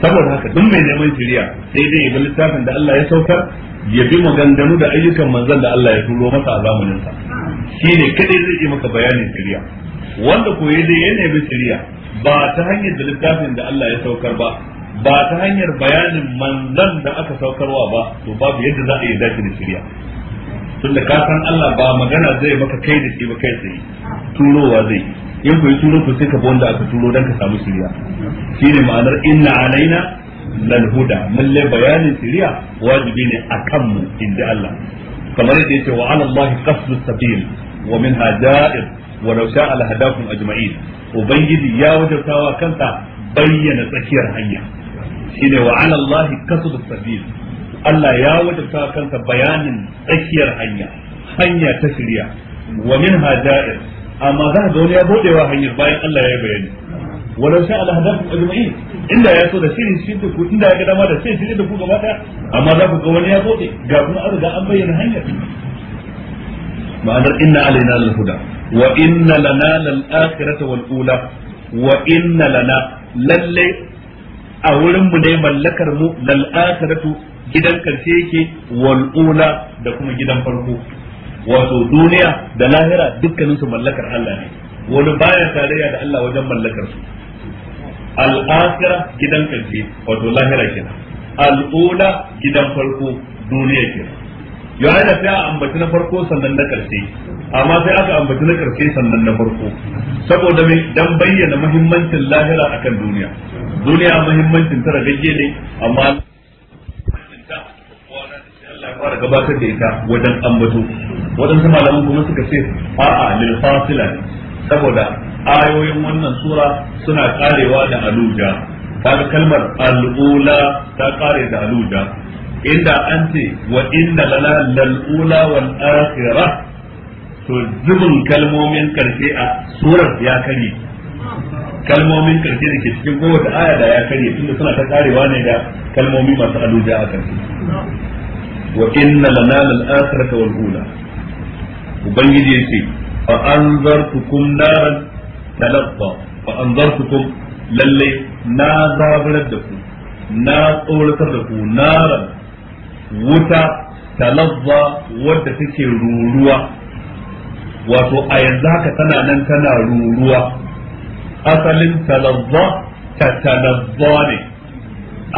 saboda haka duk mai neman shiriya sai dai ya littafin da Allah ya saukar ya bi maganganu da ayyukan manzon da Allah ya turo masa a zamanin sa shine kadai zai yi maka bayanin shiriya wanda ko dai ya bi shiriya ba ta hanyar da littafin da Allah ya saukar ba ba ta hanyar bayanin manzon da aka saukarwa ba to babu yadda za a yi dace da shiriya tunda ka san Allah ba magana zai maka kai da shi ba kai tsaye turowa zai yi in ku yi turo ku sai ka bi wanda aka turo dan ka samu shiriya Shi ne ma'anar inna alaina lal huda lalle bayanin shiriya wajibi ne a kanmu inda Allah kamar yadda yake wa ala Allah qasdus sabil wa min da'ir wa law sha'a lahadakum ajma'in ubangiji ya wajabtawa kanta bayyana tsakiyar hanya shine wa ala Allah qasdus sabil Allah ya wajabta kanta bayanin tsakiyar hanya hanya ta shiriya wa min hajair amma za ga wani ya budewa hanyar bayan Allah ya bayani walau sha Allah ku ajma'in inda ya so da shirin shi da ku inda ya ga dama da shirin shi da ku gaba amma za ku ga wani ya bude ga kuma an riga an bayyana hanyar ma'anar inna alaina lal huda wa inna lana lal akhirata wal ula wa inna lana lalle a wurin mu ne mallakar mu lal akhiratu gidan karshe yake wal ula da kuma gidan farko wato duniya da lahira dukkanin su mallakar Allah ne wani baya tarayya da Allah wajen mallakar su al'akira gidan karshe wato lahira ke al gidan farko duniya kenan yana sai a ambaci na farko sannan na karshe amma sai aka ambaci na karshe sannan na farko saboda mai dan bayyana muhimmancin lahira akan duniya duniya muhimmancin tara gagge ne amma ta fara gabatar da ita wajen ambato waɗansu malaman kuma suka ce a'a lil fasila saboda ayoyin wannan sura suna karewa da aluja kaga kalmar al'ula ta kare da aluja inda an ce wa inna lana lal'ula wal akhirah to zubin kalmomin karshe a surar ya kare kalmomin karshe da ke cikin kowace aya da ya kare tunda suna ta karewa ne da kalmomi masu aluja a karshe wa inna lana lal akhirah wal ula ubangiji yace fa anzartukum naran talaqqa fa anzartukum lalle na zabarar da ku na tsoratar da ku naran wuta talazza wadda take ruruwa wato a yanzu haka tana nan tana ruruwa asalin talazza ta ne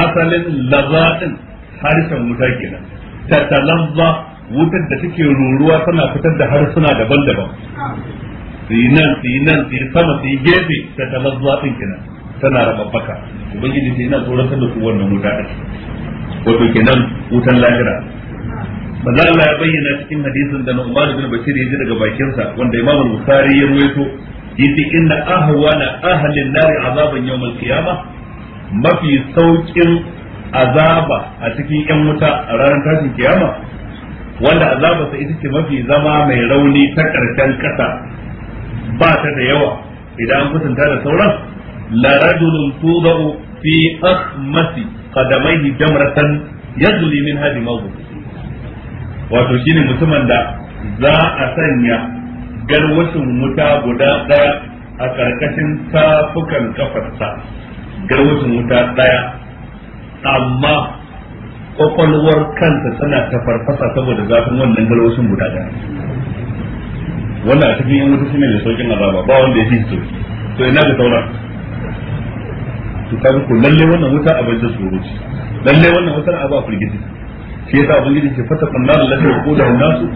asalin lazadin harshen wuta kenan ta talazza wutar da take ruruwa tana fitar da harsuna daban-daban su yi nan su yi nan su yi sama su yi gefe ta talazzuwa ɗin kenan tana rababbaka ubangiji sai yana tsoron da su wannan wuta ɗin wato kenan wutan lahira maza Allah ya bayyana cikin hadisin da Umar bin Bashir ya ji daga bakinsa wanda Imam Bukhari ya ruwaito yace inna ahwana ahli an-nar azaban yawm al mafi saukin azaba a cikin yan wuta a ranar tashin kiyama wanda azabarsa ita ce mafi zama mai rauni ta karshen ƙasa ba ta da yawa idan an kusanta da sauran la rajulun tudau fi akhmasi qadamaihi jamratan yazli min hadi mawdu wato shine mutumin da za a sanya garwashin wuta guda daya a karkashin tafukan kafarsa garwashin wuta daya amma kwakwalwar kanta tana ta farfasa saboda zafin wannan galwashin guda ɗaya wannan a cikin yan wuta shine da saukin azaba ba wanda ya fi su to ina ga sauran to kaga ko lalle wannan wuta a bai surutu lalle wannan wuta a ba firgiti shi yasa ubangiji ke fata kunna lillahi wa qulu nasu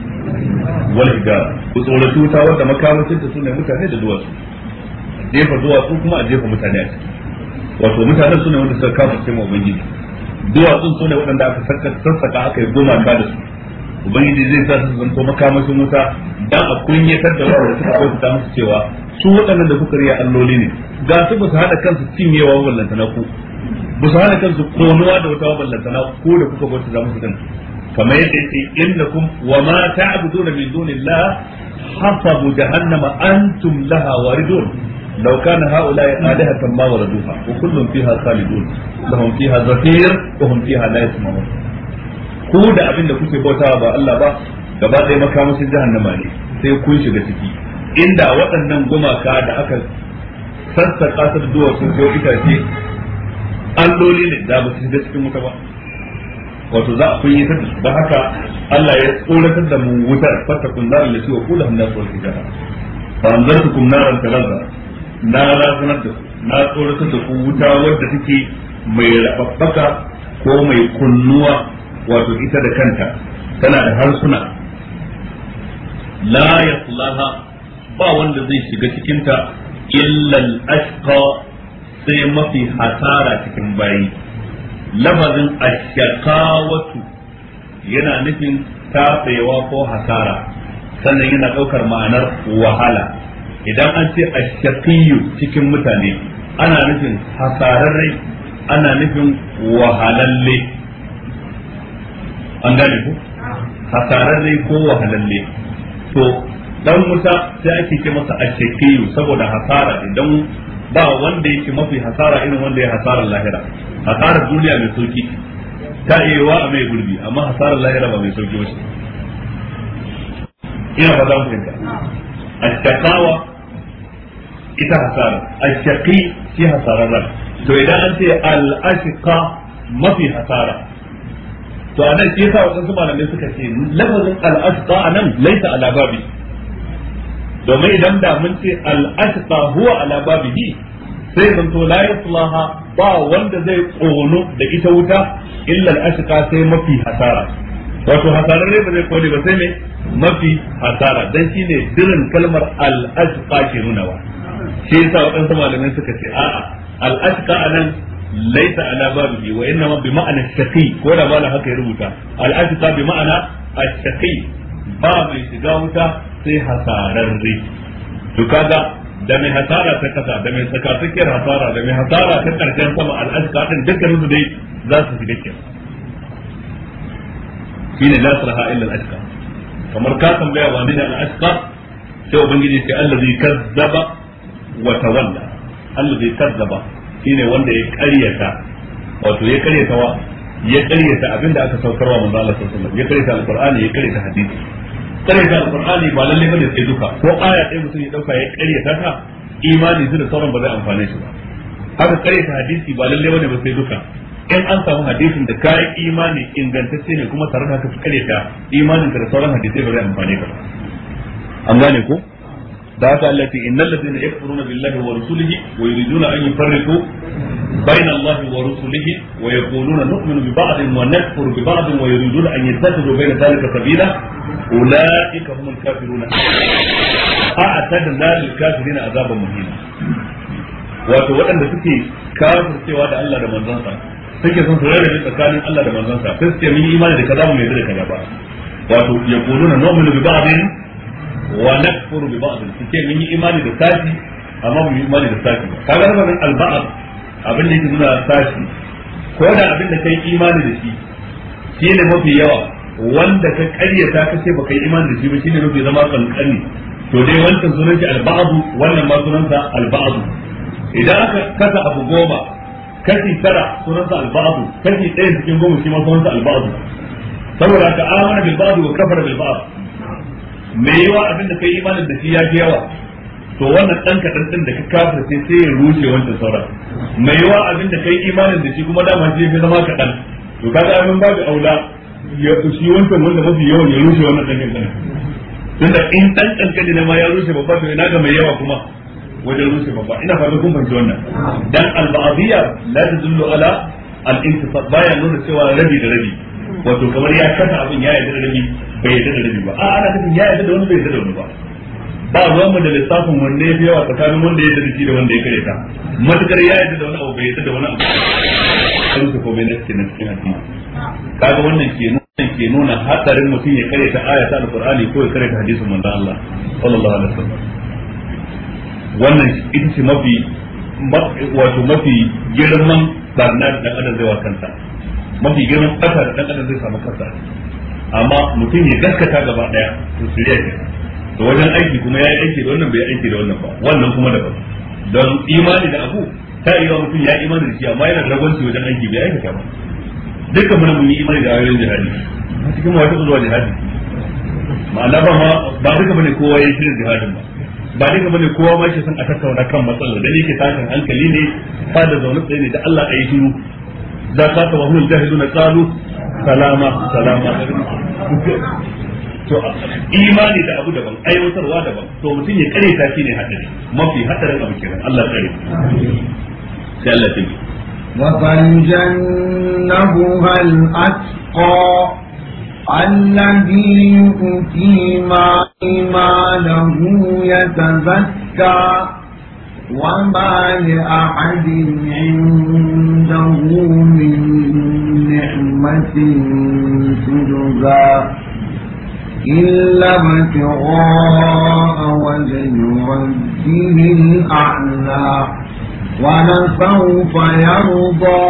wal hijara ku tsoratu wuta wanda makamacin ta sune mutane da duwatsu jefa duwatsu kuma a jefa mutane a ciki wato mutanen sune wanda suka kafa cewa ubangiji duwatsun su ne waɗanda aka sassaka aka yi goma gumaka da su ubangiji zai sa su zanto makamashin wuta dan a kunyatar da da suka kauta ta musu cewa su waɗannan da kuka riya alloli ne ga su ba su haɗa kansu cinyewa wa na ku ba su haɗa kansu konuwa da wata wa na ku da kuka bauta za musu din kamar yadda yake innakum wa ma ta'buduna min dunillah hasabu jahannama antum laha waridun لو كان هؤلاء آلهة ما وردوها وكل فيها خالدون لهم فيها زفير وهم فيها لا يسمعون ku da abin da kuke bautawa ba Allah ba gaba ɗaya makamashin jahannama ne sai kun shiga ciki inda waɗannan gumaka da aka sassaƙa su duwa sun kai itace ne da shiga cikin ba wato za a kun yi su ba haka Allah ya tsoratar da mu wutar fatakun nar lati wa kullu hannas wal hijara fa anzartukum naran talazza na razanar da ku na tsoratar da ku wuta wadda take mai rababbaka ko mai kunnuwa wato ita da kanta tana da harsuna la yaslaha ba wanda zai shiga cikinta illal al-ashqa sai mafi hasara cikin bayi lafazin ashaqawatu yana nufin tafewa ko hasara sannan yana ɗaukar ma'anar wahala idan an ce shakiyu cikin mutane ana nufin hasararre ana nufin wahalalle an gane ko hasararre ko wahalalle to dan wuta sai ake ce masa shakiyu saboda hasara idan ba wanda yake mafi hasara irin wanda ya hasarar lahira hasarar duniya mai sauki ta iya a mai gurbi amma hasarar lahira ba mai sauki wace ina ba za mu fahimta attaqawa ita hasara ashaqi shi hasararren to idan an ce al-ashqa mafi hasara to anan shi yasa su malamai suka ce lafazin al-ashqa anan laisa ala babi domin idan da mun ce al-ashqa huwa ala babihi sai zan to la yaslaha ba wanda zai tsono da ita wuta illa al-ashqa sai mafi hasara wato hasararre ba zai kone ba sai mai mafi hasara dan shine dirin kalmar al-ashqa ke nunawa shi yasa waɗansu malamai suka ce a'a al anan laysa ala babi wa inma bi ma'ana shaqi ko da bala haka ya rubuta al bi ma'ana ash-shaqi ba mai shiga wuta sai hasararre to kaga da mai hasara ta kasa da mai tsakatsakiyar hasara da mai hasara ta karshen sama al-ashqa din dukkan su dai za su shiga kenan shine la sarha illa al kamar ka tambaya wani ne al-ashqa sai ubangiji sai allazi kazzaba wa tawalla allazi kazzaba shine wanda ya karyata wato ya karyata wa ya karyata abinda aka saukarwa manzo Allah sallallahu alaihi wasallam ya karyata alqur'ani ya karyata hadisi karyata alqur'ani ba lalle bane sai duka ko aya ɗaya mutum ya dauka ya karyata ta imani da sauran ba zai amfane shi ba haka karyata hadisi ba lalle bane ba sai duka in an samu hadisin da kayi imani ingantacce ne kuma tare da haka karyata imanin da sauran hadisai ba zai amfane ka ba an gane ko da haka Allah ce innal ladina yakfuruna billahi wa rusulihi wa yuriduna an yufarriqu baina Allahi wa rusulihi wa yaquluna nu'minu bi ba'din wa nakfuru bi ba'din wa yuriduna an yattakhidhu baina dhalika sabila ulaika humul kafiruna a'tadna lil kafirina azaban muhina wato waɗanda suke kafircewa da Allah da manzansa suke son su rarrabe Allah da sai suke mun imani da kaza mu mai da kaza ba bi wa nakfuru bi ba'd su ce mun yi imani da sashi amma mun yi imani da sashi kaga nan al-ba'd abin da yake nuna sashi ko da abin da kai imani da shi shine mafi yawa wanda ka karyata ka ce baka yi imani da shi ba shine mafi zama kankani to dai wancan sunan shi al-ba'd wannan ma sunan sa al-ba'd idan aka kasa abu goma kashi tara sunan sa al-ba'd kashi ɗaya cikin goma shi ma sunan sa al-ba'd saboda ka amana bil ba'd wa kafara bil ba'd me yawa abin da kai imanin da shi ya fi yawa to wannan dan kadan din da ka kafa sai sai ya rushe wancan sauran me yawa abin da kai imanin da shi kuma dama shi fi zama kadan to kaga abin da aula ya shi wancan wanda mafi yawan ya rushe wannan dan kadan tunda in dan kadan da ma ya rushe babba to ina ga mai yawa kuma wajen rushe babba ina fata kun fahimci wannan dan al-ba'diyya la tadullu ala al Ba baya nuna cewa rabi da rabi wato kamar ya kasa abin ya yarda da rabi bai yarda da rabi ba a ana kafin ya yarda da wani bai yarda da wani ba ba ruwan mu da lissafin wanda ya fi yawa tsakanin wanda ya yarda da wanda ya kare ta matukar ya yarda da wani abu bai yarda da wani abu kan su ko bai na cikin cikin hadisi kaga wannan ke nuna ke nuna hadarin mutum ya kare ta ayata alqur'ani ko ya kare ta hadisin manzon Allah sallallahu alaihi wasallam wannan ita ce mafi wato mafi girman barna da adam zai wa kansa mafi girman kasa da dan adam zai samu kasa amma mutum ya gaskata gaba daya to shirya ke to wajen aiki kuma ya yi aiki da wannan bai aiki da wannan ba wannan kuma daban don imani da abu ta iya mutum ya imani da shi amma yana da ragwanci wajen aiki bai aiki ba dukkan mana mun yi imani da ayoyin jihadi a cikin wata zuwa jihadi ma'ana ba ma ba duka bane kowa ya shirin jihadin ba ba duka bane kowa ma shi san a tattauna kan matsalar da ke tashin hankali ne fa da zaune tsaye ne da Allah yi shiru da ka ta wahul na qalu salama salama to imani da abu daban aiwatarwa daban to mutum ya kare ta shine hadari mafi hadarin abu kenan Allah kare sai Allah tabi wa fanjannahu hal atqa الذي يؤتي ما إيمانه يتزكى وما لأحد عنده من نعمة تجزى إلا ابتغاء وجه ربه الأعلى ولسوف يرضى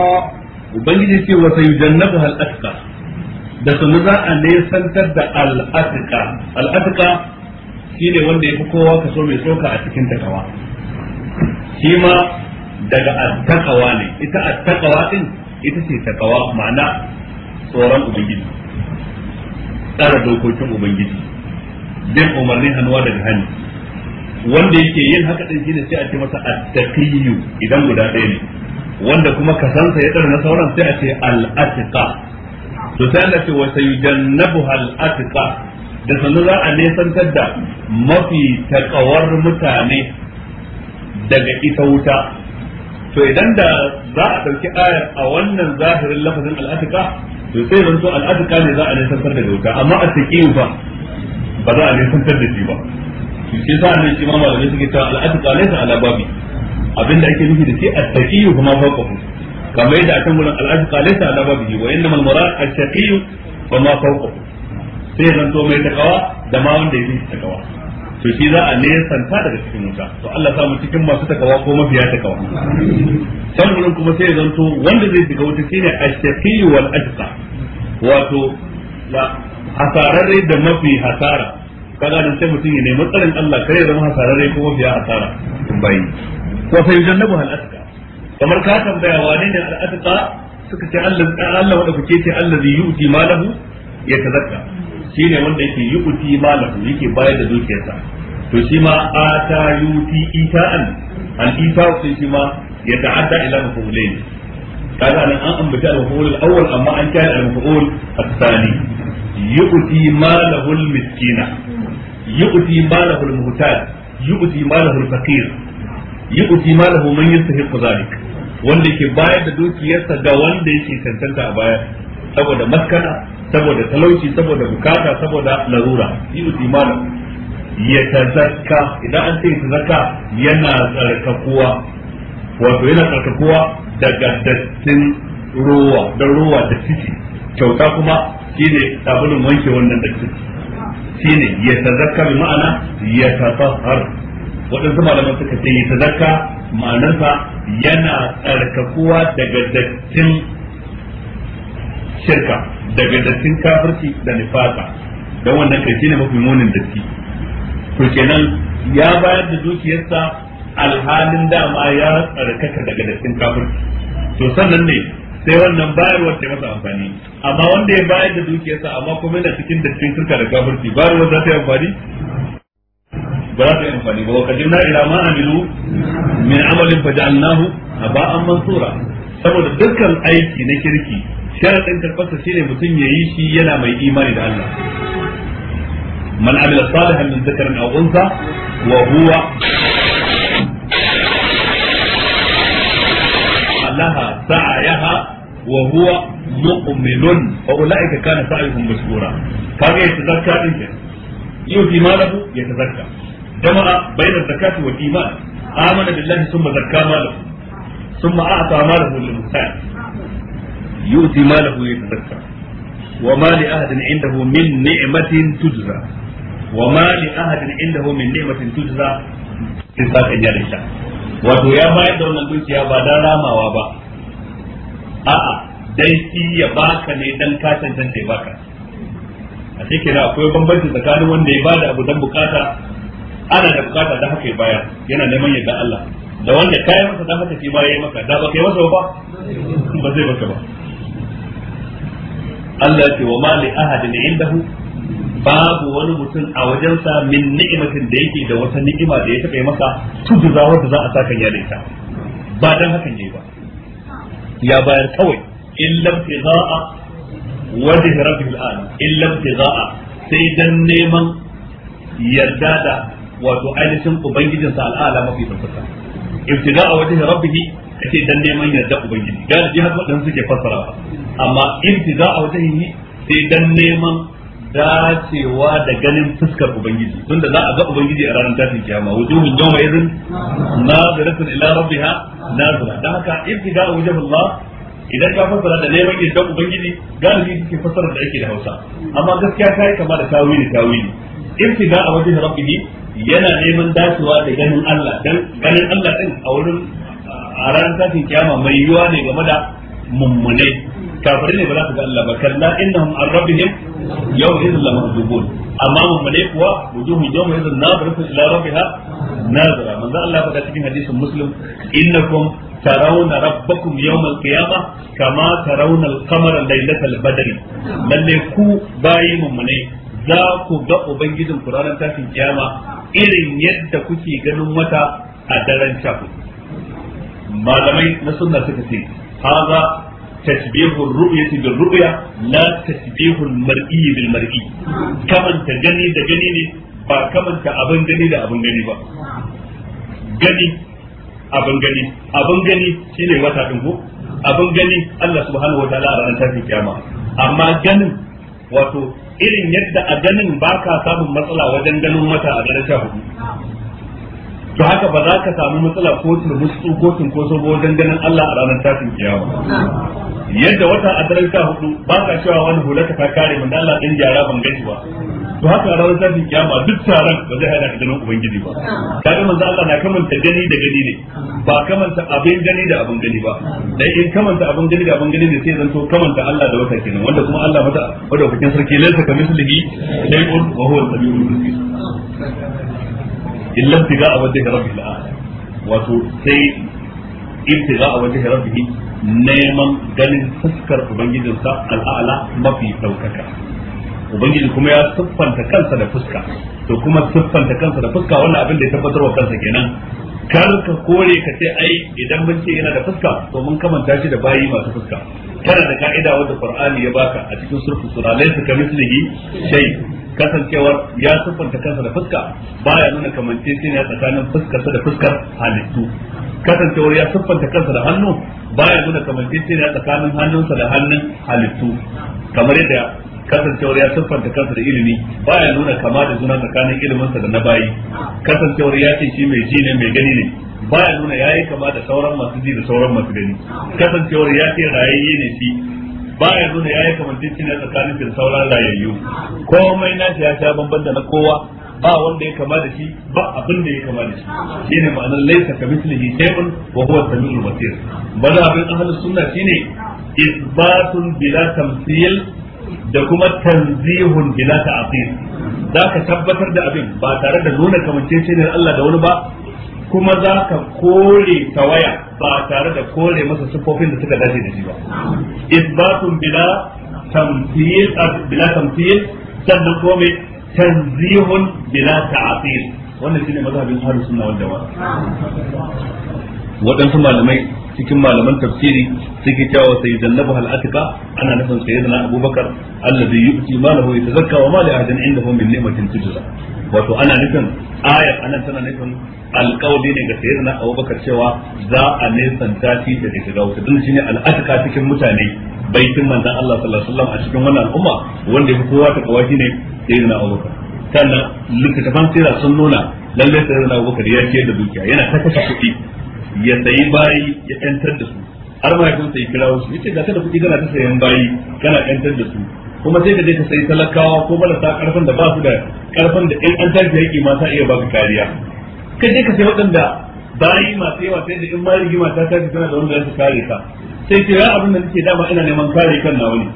وبين وسيجنبها الأتقى da sanu za a nesantar da al'atika al'atika shine wanda ya fi kowa kaso mai soka a cikin takawa shi daga attakawa ne ita attakawa din ita ce takawa ma'ana tsoron ubangiji tsara dokokin ubangiji bin umarnin hannuwa daga hannu wanda yake yin haka din shine sai a ce masa attaqiyu idan guda ɗaya ne wanda kuma kasansa ya tsara na sauran sai a ce al-atqa to sai Allah ce wa sayujannabuha al-atqa da sanu za a nesantar da mafi takawar mutane daga ita wuta to idan da za a ɗauki ayar a wannan zahirin lafazin al'atika to sai zanto al'atika ne za a nisantar daga wuta amma a taƙi ba ba za a nisantar da shi ba shi sa annabi shi ma malamai suke cewa al'atika laysa ala babi abinda ake nufi da shi at-taqiy kuma fawqahu kamar yadda a can gurin al'atika laysa ala al'ababi wa innama al-murad a taqiy wa ma fawqahu sai zanto mai takawa da ma wanda yake takawa to shi za a nesanta daga cikin wuta to Allah samu cikin masu takawa ko mafiya takawa can wurin kuma sai ya zanto wanda zai shiga wuta shine ashaqi wal ajqa wato la hasararre da mafi hasara kaga nan sai mutum ya nemi tsarin Allah kare zama hasararre ko mafiya hasara bai wa fa yujannabu al ajqa kamar ka tambaya wane ne al ajqa suka ce Allah Allah wanda kuke ce Allah allazi yuti malahu yatazakka Shi ne wanda yake yi yu'ti malahu yake bayar da dukiyarsa to shi ma ata yuti ita'an an ita sai shi ma ya ta'adda ila mafulain kaga nan an ambata al-maful al-awwal amma an kana al-maful al-thani yu'ti malahu al-miskina yu'ti malahu al-muhtaj yu'ti malahu al-faqir yu'ti malahu man yastahiqu dhalik wanda yake bayar da dukiyarsa ga wanda yake cancanta a baya saboda maskana saboda talauci saboda bukata saboda larura yuti imanin ya tazakka idan an ce tazakka yana tsarkakuwa wato yana tsarkakuwa daga dattin ruwa don ruwa da titi kyauta kuma shi ne sabulun wanke wannan dattin ne ya tazakka bi ma'ana ya tatahhar waɗansu malaman suka ce ya tazakka ma'anarsa yana tsarkakuwa daga dattin shirka daga dattin kafirci da nifaka don wannan kai shine mafi munin datti to kenan ya bayar da dukiyarsa alhalin dama ya tsarkaka daga dattin kafirci to sannan ne sai wannan bayarwar ta masa amfani amma wanda ya bayar da dukiyarsa amma kuma yana cikin dattin shirka da kafirci bayarwar za ta yi amfani ba za ta yi amfani ba wakajin na ila ma amilu min amalin a ba'an mansura saboda dukkan aiki na kirki sharadin karbarsa shine mutum ya yi shi yana mai imani da Allah man amila salihan min zakarin او unsa wa huwa Allah sa'ayaha وهو مؤمن اولئك كان سعيهم مشكورا كان يتزكى إنجا يؤتي ماله يتذكر جمع بين الزكاة والإيمان آمن بالله ثم زكى ماله ثم أعطى ماله للمحتاج yu'ti malahu yatazakka wa ma li ahadin indahu min ni'matin tujza wa ma li ahadin indahu min ni'matin tujza in sa kan yare ta wato ya bayar da wannan dukiya ba dan ramawa ba a'a dai shi ya baka ne dan ka tantance baka a cikin akwai bambanci tsakanin wanda ya bada abu dan bukata ana da bukata da haka ya bayar yana neman yadda Allah da wanda kayan masa da haka shi ma yayi maka da ba kai masa ba ba zai maka ba Allah ya ce wa ma li ahadin indahu babu wani mutum a wajensa min ni'imatin da yake da wata ni'ima da ya taɓa maka tujuza wanda za a saka kan da ita ba dan hakan ne ba ya bayar kawai illa tiza'a wajh rabbil alamin illa tiza'a sai dan neman yarda da wato ainihin ubangijinsa al'ala mafi tsarkaka ibtida'a wajhi rabbih yace dan neman yarda ubangiji galibi har wadan suke fassarawa amma a ibtida'a wajhi sai dan neman dacewa da ganin fuskar ubangiji tunda za a ga ubangiji a ranar tashin kiyama wujuhun yawma idhin naziratun ila rabbiha nazira dan haka ibtida'a wajhi Allah idan ka fassara da neman yarda ubangiji galibi suke fassara da ake da Hausa amma gaskiya kai kama da tawili tawili ibtida'a wajhi rabbih yana neman dacewa da ganin Allah dan ganin Allah din a wurin a ranar tashin kiyama mai yiwuwa ne game da mummune. kafirai ne ba za su ga Allah ba kalla innahum an rabbihim yau izin la mahzubun amma mummune kuwa wujuhu yawma izin nadiratu ila rabbiha nazara manzo Allah faɗa cikin hadisin muslim innakum tarawna rabbakum yawmal qiyamah kama tarawna al-qamara laylatal badri lalle ku bayi mummune za ku ga ubangijin ku ranar tashin kiyama irin yadda kuke ganin wata a daren shafi malamai na suna suka ce haza تشبيه الرؤية بالرؤية لا تشبيه bil mar'i Kamanta gani da gani ne ba kamanta abin gani da abin gani ba gani abin gani abin gani shine wata din ko abin gani Allah subhanahu wataala a ranar tafi kiyama amma ganin wato irin yadda a ganin ba ka samun matsala wajen ganin wata a ganin sha to haka ba za ka samu matsala ko turmusu ko tunkoso ko wajen ganin Allah a ranar tashin kiyama yadda wata a daren ta hudu ba ka cewa wani hula ta kare mun Allah din gyara ban gaji ba to haka a ranar tashin kiyama duk taron ba zai hada ganin ubangiji ba kaga manzo Allah na kamanta gani da gani ne ba kamanta abin gani da abin gani ba dai in kamanta abin gani da abin gani ne sai zanto kamanta Allah da wata kenan wanda kuma Allah mata madaukakin sarki laysa kamithlihi shay'un wa huwa al-sami'ul illa tiga a wajen rabbil ala wato sai in ibtiga a wajen rabbil neman ganin fuskar ubangijinsa al'ala mafi daukaka ubangiji kuma ya siffanta kansa da fuska to kuma siffanta kansa da fuska wannan abin da ya tabbatar wa kansa kenan kar ka kore ka ce ai idan mun ce yana da fuska to mun kamanta shi da bayi masu fuska kana da ka'ida wanda qur'ani ya baka a cikin surfu sura laysa kamithlihi shay kasancewar ya siffanta kansa da fuska baya nuna kamance shi ne tsakanin fuskarsa da fuskar halittu kasancewar ya siffanta kansa da hannu baya nuna kamance shi ne tsakanin hannunsa da hannun halittu kamar yadda kasancewar ya siffanta kansa da ilimi baya nuna kama da juna tsakanin iliminsa da na bayi kasancewar ya ce shi mai ji ne mai gani ne baya nuna yayi kama da sauran masu ji da sauran masu gani kasancewar ya ce rayayye ne shi Ba ya nuna yayi kamantace ne tsakanin shi sauran rayayyu komai na shi ya sha bamban da na kowa ba wanda ya kama da shi ba abin da ya kama da shi shine ma'anar laysa ka mislihi shay'un wa huwa samiul basir bada abin ahlus sunna shine isbatun bila tamthil da kuma tanzihun bila ta'til za ka tabbatar da abin ba tare da nuna kamancin ne Allah da wani ba kuma za ka kore tawaya ba tare da kore masa sifofin da suka dace da shi ba isbatun bila tamthil ah, bila tamthil sannan komai mai tanzihun bila ta'til wannan shine mazhabin ahlus sunna wal jamaa waɗansu malamai cikin malaman tafsiri suke cewa sai jannabu hal atika ana nufin sayyidina abubakar allazi yu'ti malahu yatazakka wa ma li ahadin indahu min ni'matin tujza wato ana nufin anan tana nufin alƙawari ne ga sayyidina abubakar cewa za a nesanta shi da shiga wuta don shine al'atika cikin mutane baitin manzon Allah sallallahu alaihi wasallam a cikin wannan al'umma wanda yafi kowa ta kawaki ne sayyidina abubakar sannan littattafan sira sun nuna lallai sayyidina abubakar ya ce da dukiya yana ta kashe kuɗi ya sayi bayi ya kantar da su har ma yakan sai kira su yace ga kada kuɗi kana ta sayan bayi kana kantar da su kuma sai ka je ka sayi talakawa ko balasa karfin da ba su da karfin da in an tashi yake ma ta iya baka kariya ka je ka sayi waɗanda bayi masu yawa sai da in ma rigima ta tashi tana da wanda za su kare ka sai ce ya abin da nake dama ina neman kare kan nawa ne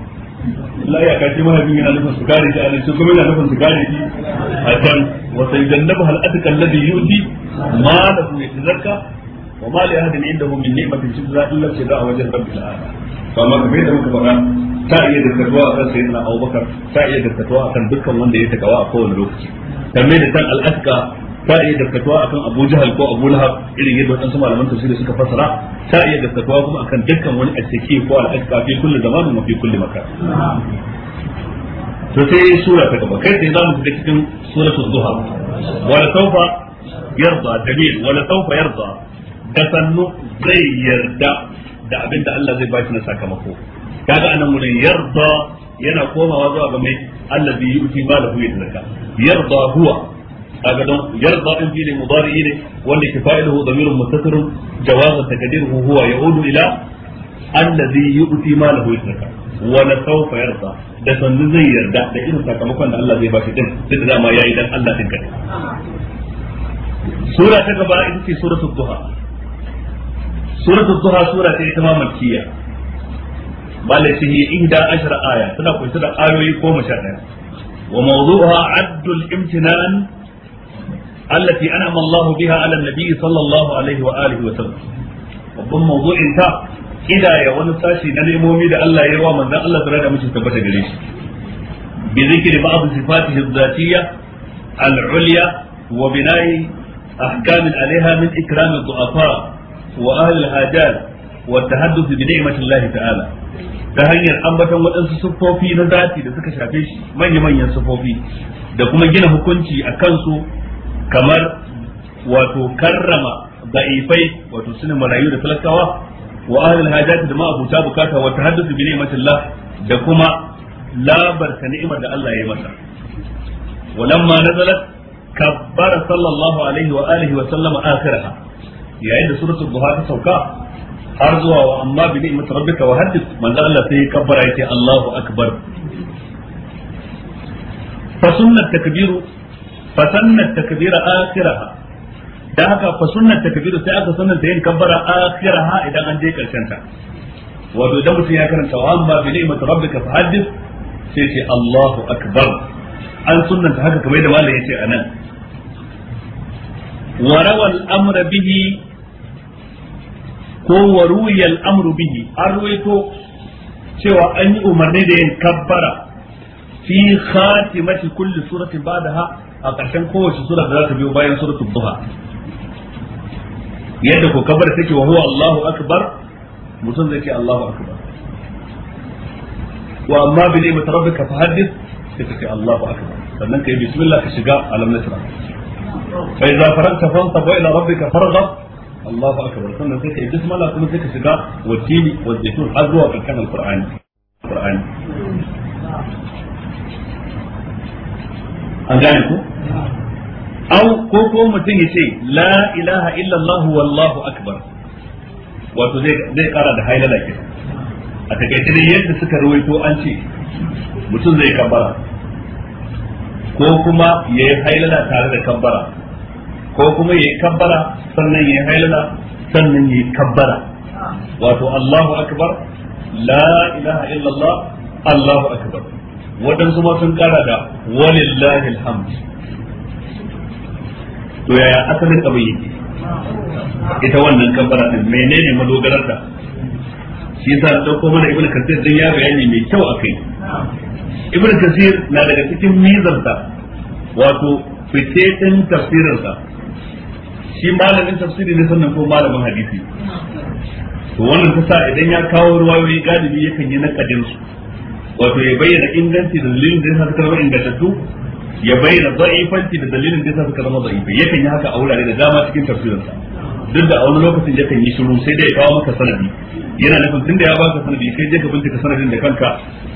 la ya kace mahaifin yana nufin su kare shi a nan kuma yana nufin su kare shi a can wasai jannabu hal atqa alladhi yuti ma lahu yatazakka وما لأحد عنده من نعمة تجزى إلا ابتداء وجه الرب الأعلى فما كفيت من كفرة تأيي التقوى كان سيدنا أبو بكر تأيي التقوى كان بك من دي تقوى قول روكي تمين تن الأتكى تأيي التقوى كان أبو جهل كو أبو لهب إلي يدو أنسما لما تسير سكا فسرا تأيي التقوى كما كان بك من أتكي كو الأتكى في كل زمان وفي كل مكان فسي سورة تقوى كيف تنظام تكتن سورة الظهر ولسوف يرضى جميل ولسوف يرضى da zai yarda da abin da Allah zai bashi na sakamako kaga anan wurin yarda yana komawa zuwa ga mai allazi yuti malahu yadaka yarda huwa kaga don yarda in fili mudari ne wanda ke fa'iluhu damirun mustatir jawaz takdiruhu huwa yaudu ila allazi yuti malahu yadaka wala sawfa yarda da sannu zai yarda da irin sakamakon da Allah zai bashi din duk da dama yayi dan Allah din kadai sura ta gaba ita ce suratul duha suratul duha sura ta ita ma makkiya balati hi inda ashara aya tana kunshe da ayoyi goma sha ɗaya wa mawdu'uha addul imtinan allati an'ama Allah biha 'ala an-nabi sallallahu alaihi wa alihi wa sallam babban mawdu'in ta kidaya wani sashi na nemomi da Allah ya yi wa manzon Allah tsara da mutum tabbata gare shi bi zikri ba'd al wa bina'i ahkamin alaiha ikram wa ahli al-hajat wa tahadduth ta hanyar ambaton waɗansu siffofi na zati da suka shafe shi manya-manyan siffofi da kuma gina hukunci a kansu kamar wato karrama da'ifai wato sunan marayu da talakawa wa ahlul hajat da ma abuta bukata wa tahaddathu bi ni'matillah da kuma labarta ni'imar da Allah ya yi masa walamma nazalat kabbara sallallahu alaihi wa alihi wa sallama akhiraha yayin da suratul duha ta sauka har zuwa wa amma bi ni'mat rabbika wa hadith manzo Allah sai ya kabbara yake Allahu akbar fa sunnat takbiru fa sunnat takbira akhiraha dan haka fa sunnat takbiru sai aka sunnanta yin kabbara akhiraha idan an je karshen ta wato idan mutum ya karanta wa amma bi ni'mat rabbika fa hadith sai ce Allahu akbar an sunnanta haka kamar da malai yace anan وروى الأمر به ko wa ruwiyal amru bihi an ruwaito cewa an yi umarni da yin kabbara fi khatimati kulli suratin ba'daha a ƙarshen kowace sura da za ta biyo bayan suratul duha yadda ko kabbara take wa huwa Allahu akbar mutum zai ce Allahu akbar wa amma bi ni'mat rabbika fa haddith sai ka ce Allahu akbar sannan yi bismillah ka shiga alam nasra fa idza faragta fansab ila rabbika farghab Allahu akbar sannan kai bismillah kuma sai ka shiga wa tini wa zaitun har zuwa an gane ku au ko ko mutum ya ce la ilaha wato zai kara da hailala ke a takaice dai yadda suka ruwaito an ce mutum zai kabbara ko kuma ya yi hailala tare da kabbara ko kuma yayi kabbara sannan yayi hailala sannan yayi kabbara wato Allahu akbar la ilaha illallah Allahu akbar waɗansu ma sun kara da walillahi alhamd to yaya asalin abin yake ita wannan kabbara din menene madogarar ta shi yasa da dauko mana ibnu kasir din ya bayani mai kyau akai ibnu kasir na daga cikin mizarta wato fitetin tafsirinsa shi malamin tafsiri ne sannan ko malamin hadisi to wannan ta sa idan ya kawo ruwayoyi galibi ya kan yi nakadin su wato ya bayyana inganci da dalilin da yasa suka zama ingantattu ya bayyana za'ifanci da dalilin da yasa suka zama ya kan yi haka a wurare da dama cikin tafsirinsa duk da a wani lokacin ya kan yi shiru sai dai ya kawo maka sanadi yana nufin tun da ya baka sanadi kai je ka bincika sanadin da kanka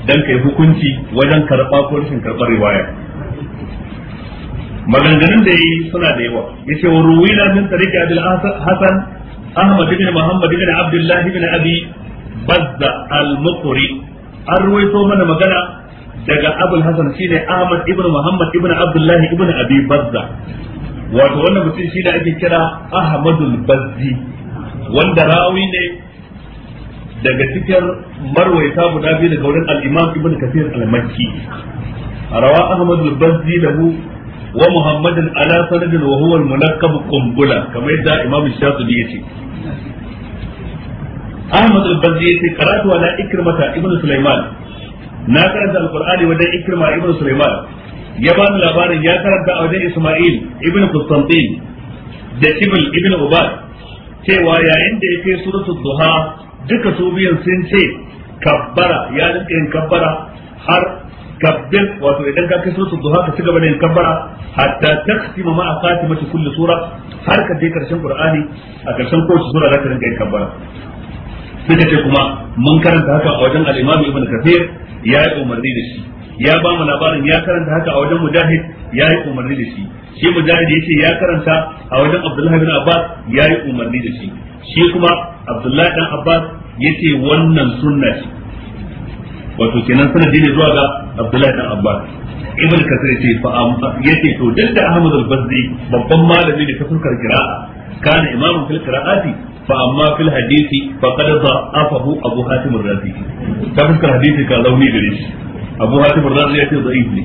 dan kai hukunci wajen karɓa ko rashin karɓar riwaya maganganun da yi suna da yawa yace wa ruwina min tariqi abdul hasan ahmad ibn muhammad ibn abdullah ibn abi bazza al-muqri an ruwaito mana magana daga abul hasan shine ahmad ibn muhammad ibn abdullah ibn abi bazza wato wannan mutum shi da ake kira ahmadul bazzi wanda rawi ne daga cikin marwaita guda biyu daga wurin al-imam ibn kathir al-makki rawa ahmadul bazzi lahu wa muhammadin ala sanadin wa huwa al-munakkab qumbula kamar yadda imam shafi'i yace ahmad al-bazzi yace karatu ala ikrimata ibnu sulaiman na karanta al-qur'ani wa dai ikrima ibnu sulaiman ya bani labarin ya karanta a wajen isma'il ibnu qustantin da ibn ibnu ubad cewa yayin da ya kai suratul duha duka su biyan sun ce kabbara ya rinka yin kabbara har kabbir wato idan ka kai suratul duha ka cigaba da yin kabbara hatta taktima ma khatimati kulli sura har ka dai karshen qur'ani a karshen kowace sura zaka rinka yin kabbara sai ce kuma mun karanta haka a wajen al-Imam Ibn Kathir ya yi umarni da shi ya ba mu labarin ya karanta haka a wajen Mujahid ya yi umarni da shi shi Mujahid yace ya karanta a wajen Abdullahi bin Abbas ya yi umarni da shi shi kuma Abdullahi dan Abbas yace wannan sunna shi. wato kenan sanadi ne zuwa ga Abdullahi dan Abbas ibn kasir ce fa yace to dan da Ahmad al-Bazzi babban malami ne ta fuskar qira'a kana imamun fil qira'ati fa amma fil hadisi fa qad da'afahu Abu Hatim ar-Razi ta fuskar hadisi ka launi gare shi Abu Hatim ar-Razi yace da'if ne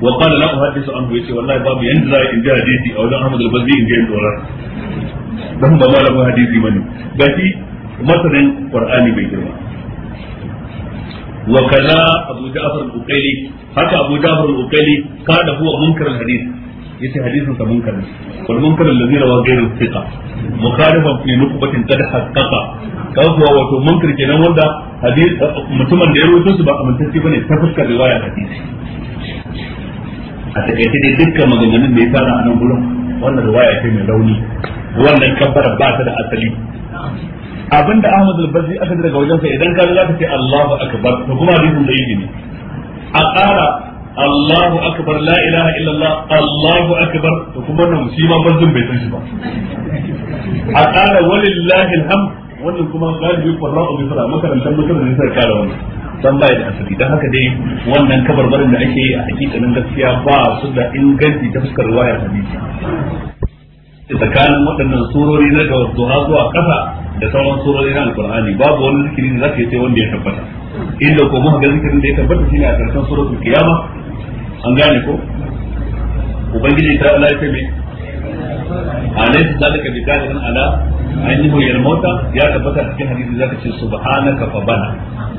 wa qala la uhaddisu anhu yace wallahi babu yanda za in ji hadisi a wajen Ahmad al-Bazzi in ji tsoron dan ba malamin hadisi bane gashi masanin Qur'ani bai girma وكذا أبو جعفر الأقيلي حتى أبو جعفر الأقيلي قال هو منكر الحديث يتي حديث منكر والمنكر الذي روى غير الثقة مخالفا في نقبة قد حقق كوكو وتو منكر كنا وندا حديث متمن da ya rawaito su ba amintacce bane ta fuskar riwaya hadisi a takaice dai dukkan maganganun da ya fara a nan gurin wannan riwaya ce mai launi, wannan kabbara ba ta da asali abinda Ahmad al-Basri aka ji daga wajensa idan ka za ka ce Allahu akbar to kuma hadisin da yake ne a ƙara Allahu akbar la ilaha illallah Allahu akbar to kuma wannan shi ma barzin bai san shi ba a ƙara walillahi alhamd wannan kuma galibi qurra'u bi sura makarantar mutane ne sai ƙara wannan dan bai da asali dan haka dai wannan kabarbarin da ake yi a hakikanin gaskiya ba su da inganci ta fuskar wayar hadisi tsakanin waɗannan surori na da duha zuwa ƙasa da sauran surori na alƙur'ani babu wani zikiri da zaka yi sai wanda ya tabbata inda ko muka ga zikirin da ya tabbata shine a ƙarshen suratul kiyama an gane ko ubangiji ta Allah ya ce me alaysa zalika bi qadirin ala an yi huyar mota ya tabbata cikin hadisi zaka ce subhanaka fa bana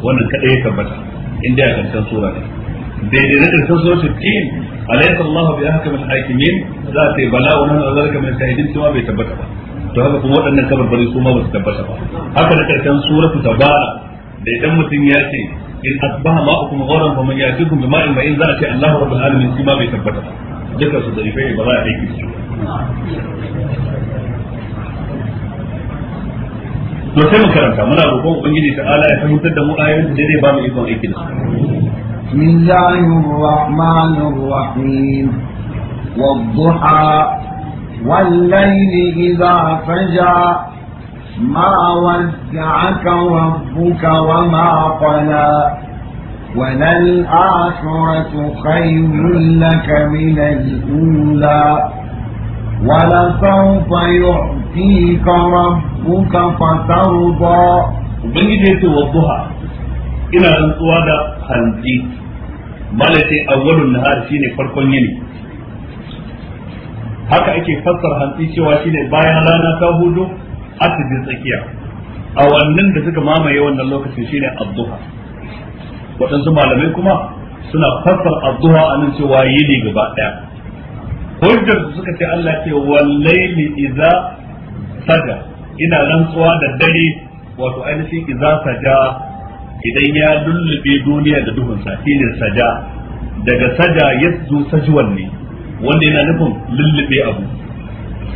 wannan kada ya tabbata inda ya ƙarshen sura ne daidai na ƙarshen suratul qiyama alaysa Allah bi ahkamil hakimin za ta bala wa nan azalika min bai ba to haka kuma waɗannan kabarbari su ma ba su tabbata ba haka da karshen suratu tabara da idan mutum ya ce in asbaha ma'ukum ghawran faman yatikum bima'in ma'in za a ce Allahu rabbul alamin shi ma bai tabbata ba duka su da ba za a aiki su to sai mu karanta muna roƙon ubangiji ta'ala ya fahimtar da mu ayoyin da ba mu ikon aikin su بسم الله الرحمن الرحيم والضحى والليل إذا فجى ما ودعك ربك وما قلى وللآخرة خير لك من الأولى ولسوف يعطيك ربك فترضى جيت والضحى إلى أن حديث malai awwalun nahar shine farkon yini haka ake fassara hantsi cewa shine bayan rana ta hudu asibin tsakiya a wannan da suka mamaye wannan lokacin shine adduha waɗansu malamai kuma suna fassara adduha a nan cewa yini gaba ɗaya hujjar da suka ce Allah ce ni idza saja ina rantsuwa da dare wato ainihin idza saja idan ya lullube duniya da duhun sa shine saja daga saja yazu sajwan ne wanda yana nufin lullube abu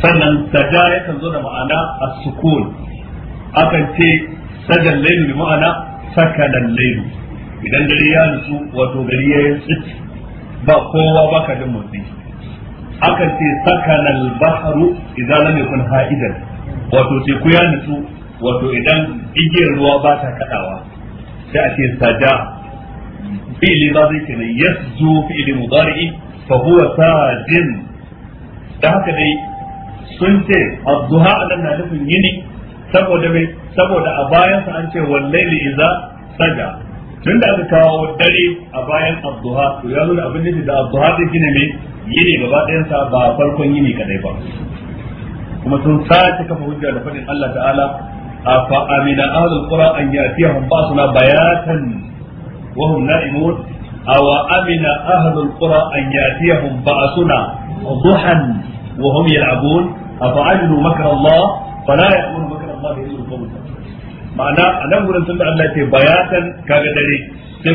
sannan saja yakan zo da ma'ana as-sukun akan ce sajan lailu bi ma'ana sakanan lailu idan gari ya nutsu wato gari ya yi ba kowa ba ka jin motsi akan ce al baharu idan lam yakun ha'idan wato teku ya nutsu wato idan igiyar ruwa ba ta kadawa sai ake sada saja fi'ili madi kenan yasju fi'ili mudari'i fa huwa sajin da haka dai sun ce adduha anan na nufin yini saboda mai saboda a bayan sa an ce wallaili idza saja tun da aka kawo dare a bayan adduha to ya nuna abin da adduha din gina mai yini gaba ɗayan sa ba farkon yini kadai ba kuma sun sace kafa hujja da faɗin Allah ta'ala afa amina ahlul qura an yatihum basuna bayatan wa hum na'imun aw amina ahlul qura an yatihum basuna duhan wa hum yal'abun afa aminu makra Allah fala ya'mun makra Allah illa al-qawm ma'ana anan Allah dare sai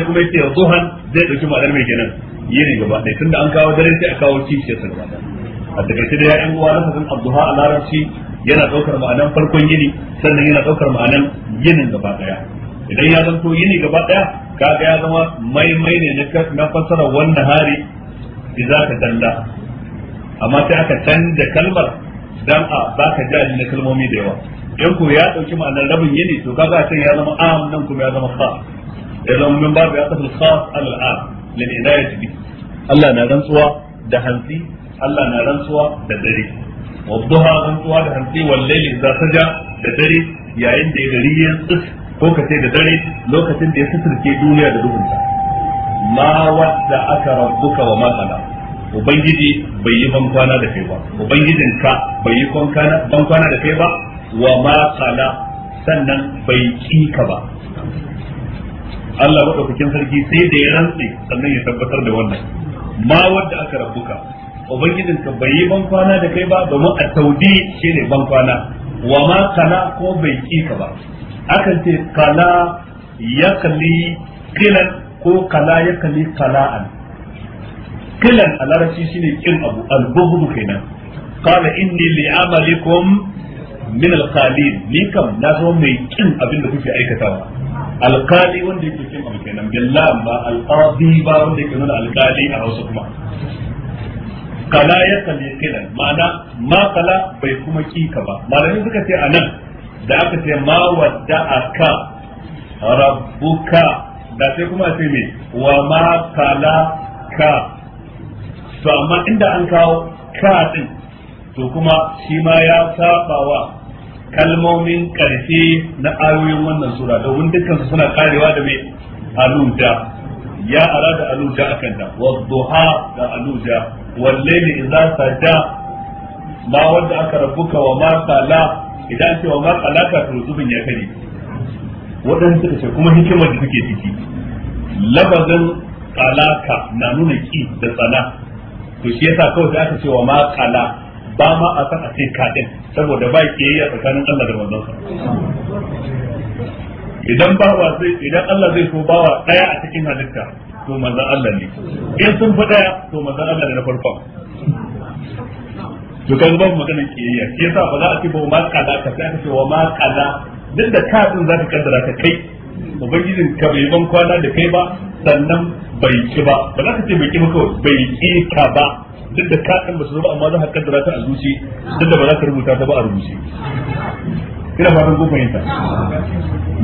kuma yace duhan zai dauki ma'anar mai kenan yini gaba ɗaya tunda an kawo dare sai a kawo kishiyar sa gaba a takaice da ya'yan uwa lafazin abduha a larabci yana daukar ma'anan farkon yini sannan yana daukar ma'anan yinin gaba daya idan ya zanto yini gaba daya kaga ya zama maimai ne na fassara wannan hari idza ka danda amma sai aka canza kalmar dan a baka jali na kalmomi da yawa in ko ya dauki ma'anar rabin yini to kaga sai ya zama am nan kuma ya zama fa ya zama min babu ya kafa khas al al lil inayati bi Allah na rantsuwa da hanzi Allah na rantsuwa da dare wadduha rantsuwa da hantsi wallaili idza saja da dare yayin da gari ya tsis ko ka ce da dare lokacin da ya suturke duniya da duhunta ma wadda aka rabbuka wa ma ubangiji bai yi ban kwana da kai ba ubangijin ka bai yi ban kwana da kai ba wa ma sannan bai ki ka ba Allah madaukakin sarki sai da ya rantsi sannan ya tabbatar da wannan ma wanda aka rabbuka ubangijin ka bai yi ban kwana da kai ba domin a taudi shine ban kwana wa ma kana ko bai ki ka ba akan ce kala kalli kilan ko kala kalli kala'an kilan a larabci shine kin abu al kenan kala inni amalikum min al ni kam na zo mai kin abin da kuke aikatawa alkali wanda yake kin abu kenan billah ba alqadi ba wanda yake nuna alkali a Hausa kuma kala ya kalli kilan ma'ana ma kala bai kuma kika ba malami suka ce a nan da aka ce ma wadda aka ka. da sai kuma ce ne wa ma kala ka to amma inda an kawo ka din to kuma shi ma ya wa kalmomin karfe na ayoyin wannan sura domin dukkan suna karewa da mai alunda ya arada aluja akan ta wadduha da aluja wal layli idza saja ma wanda aka rabbuka wa ma qala idan ce wa ma qala ka to ya kare wadanda suka ce kuma hikimar da take ciki labazin qalaka na nuna ki da tsana to shi yasa kawai aka ce wa ma qala ba ma a san a ce kadin saboda ba ke yi a tsakanin Allah da manzon idan bawa zai idan Allah zai so bawa daya a cikin halitta to manzon Allah ne in sun fi daya to manzon Allah ne na farkon to kan babu maganar kiyayya ke yasa ba za a ce ba ma kaza ka sai ka ce wa ma kaza duk da ka din zaka kaddara ka kai ubangijin ka bai ban kwana da kai ba sannan bai ki ba ba za ka ce bai ki ba kawai bai ki ka ba duk da ka din ba su ba amma za ka kaddara ta a zuci duk da ba za ka rubuta ta ba a rubuce ina fatan kun fahimta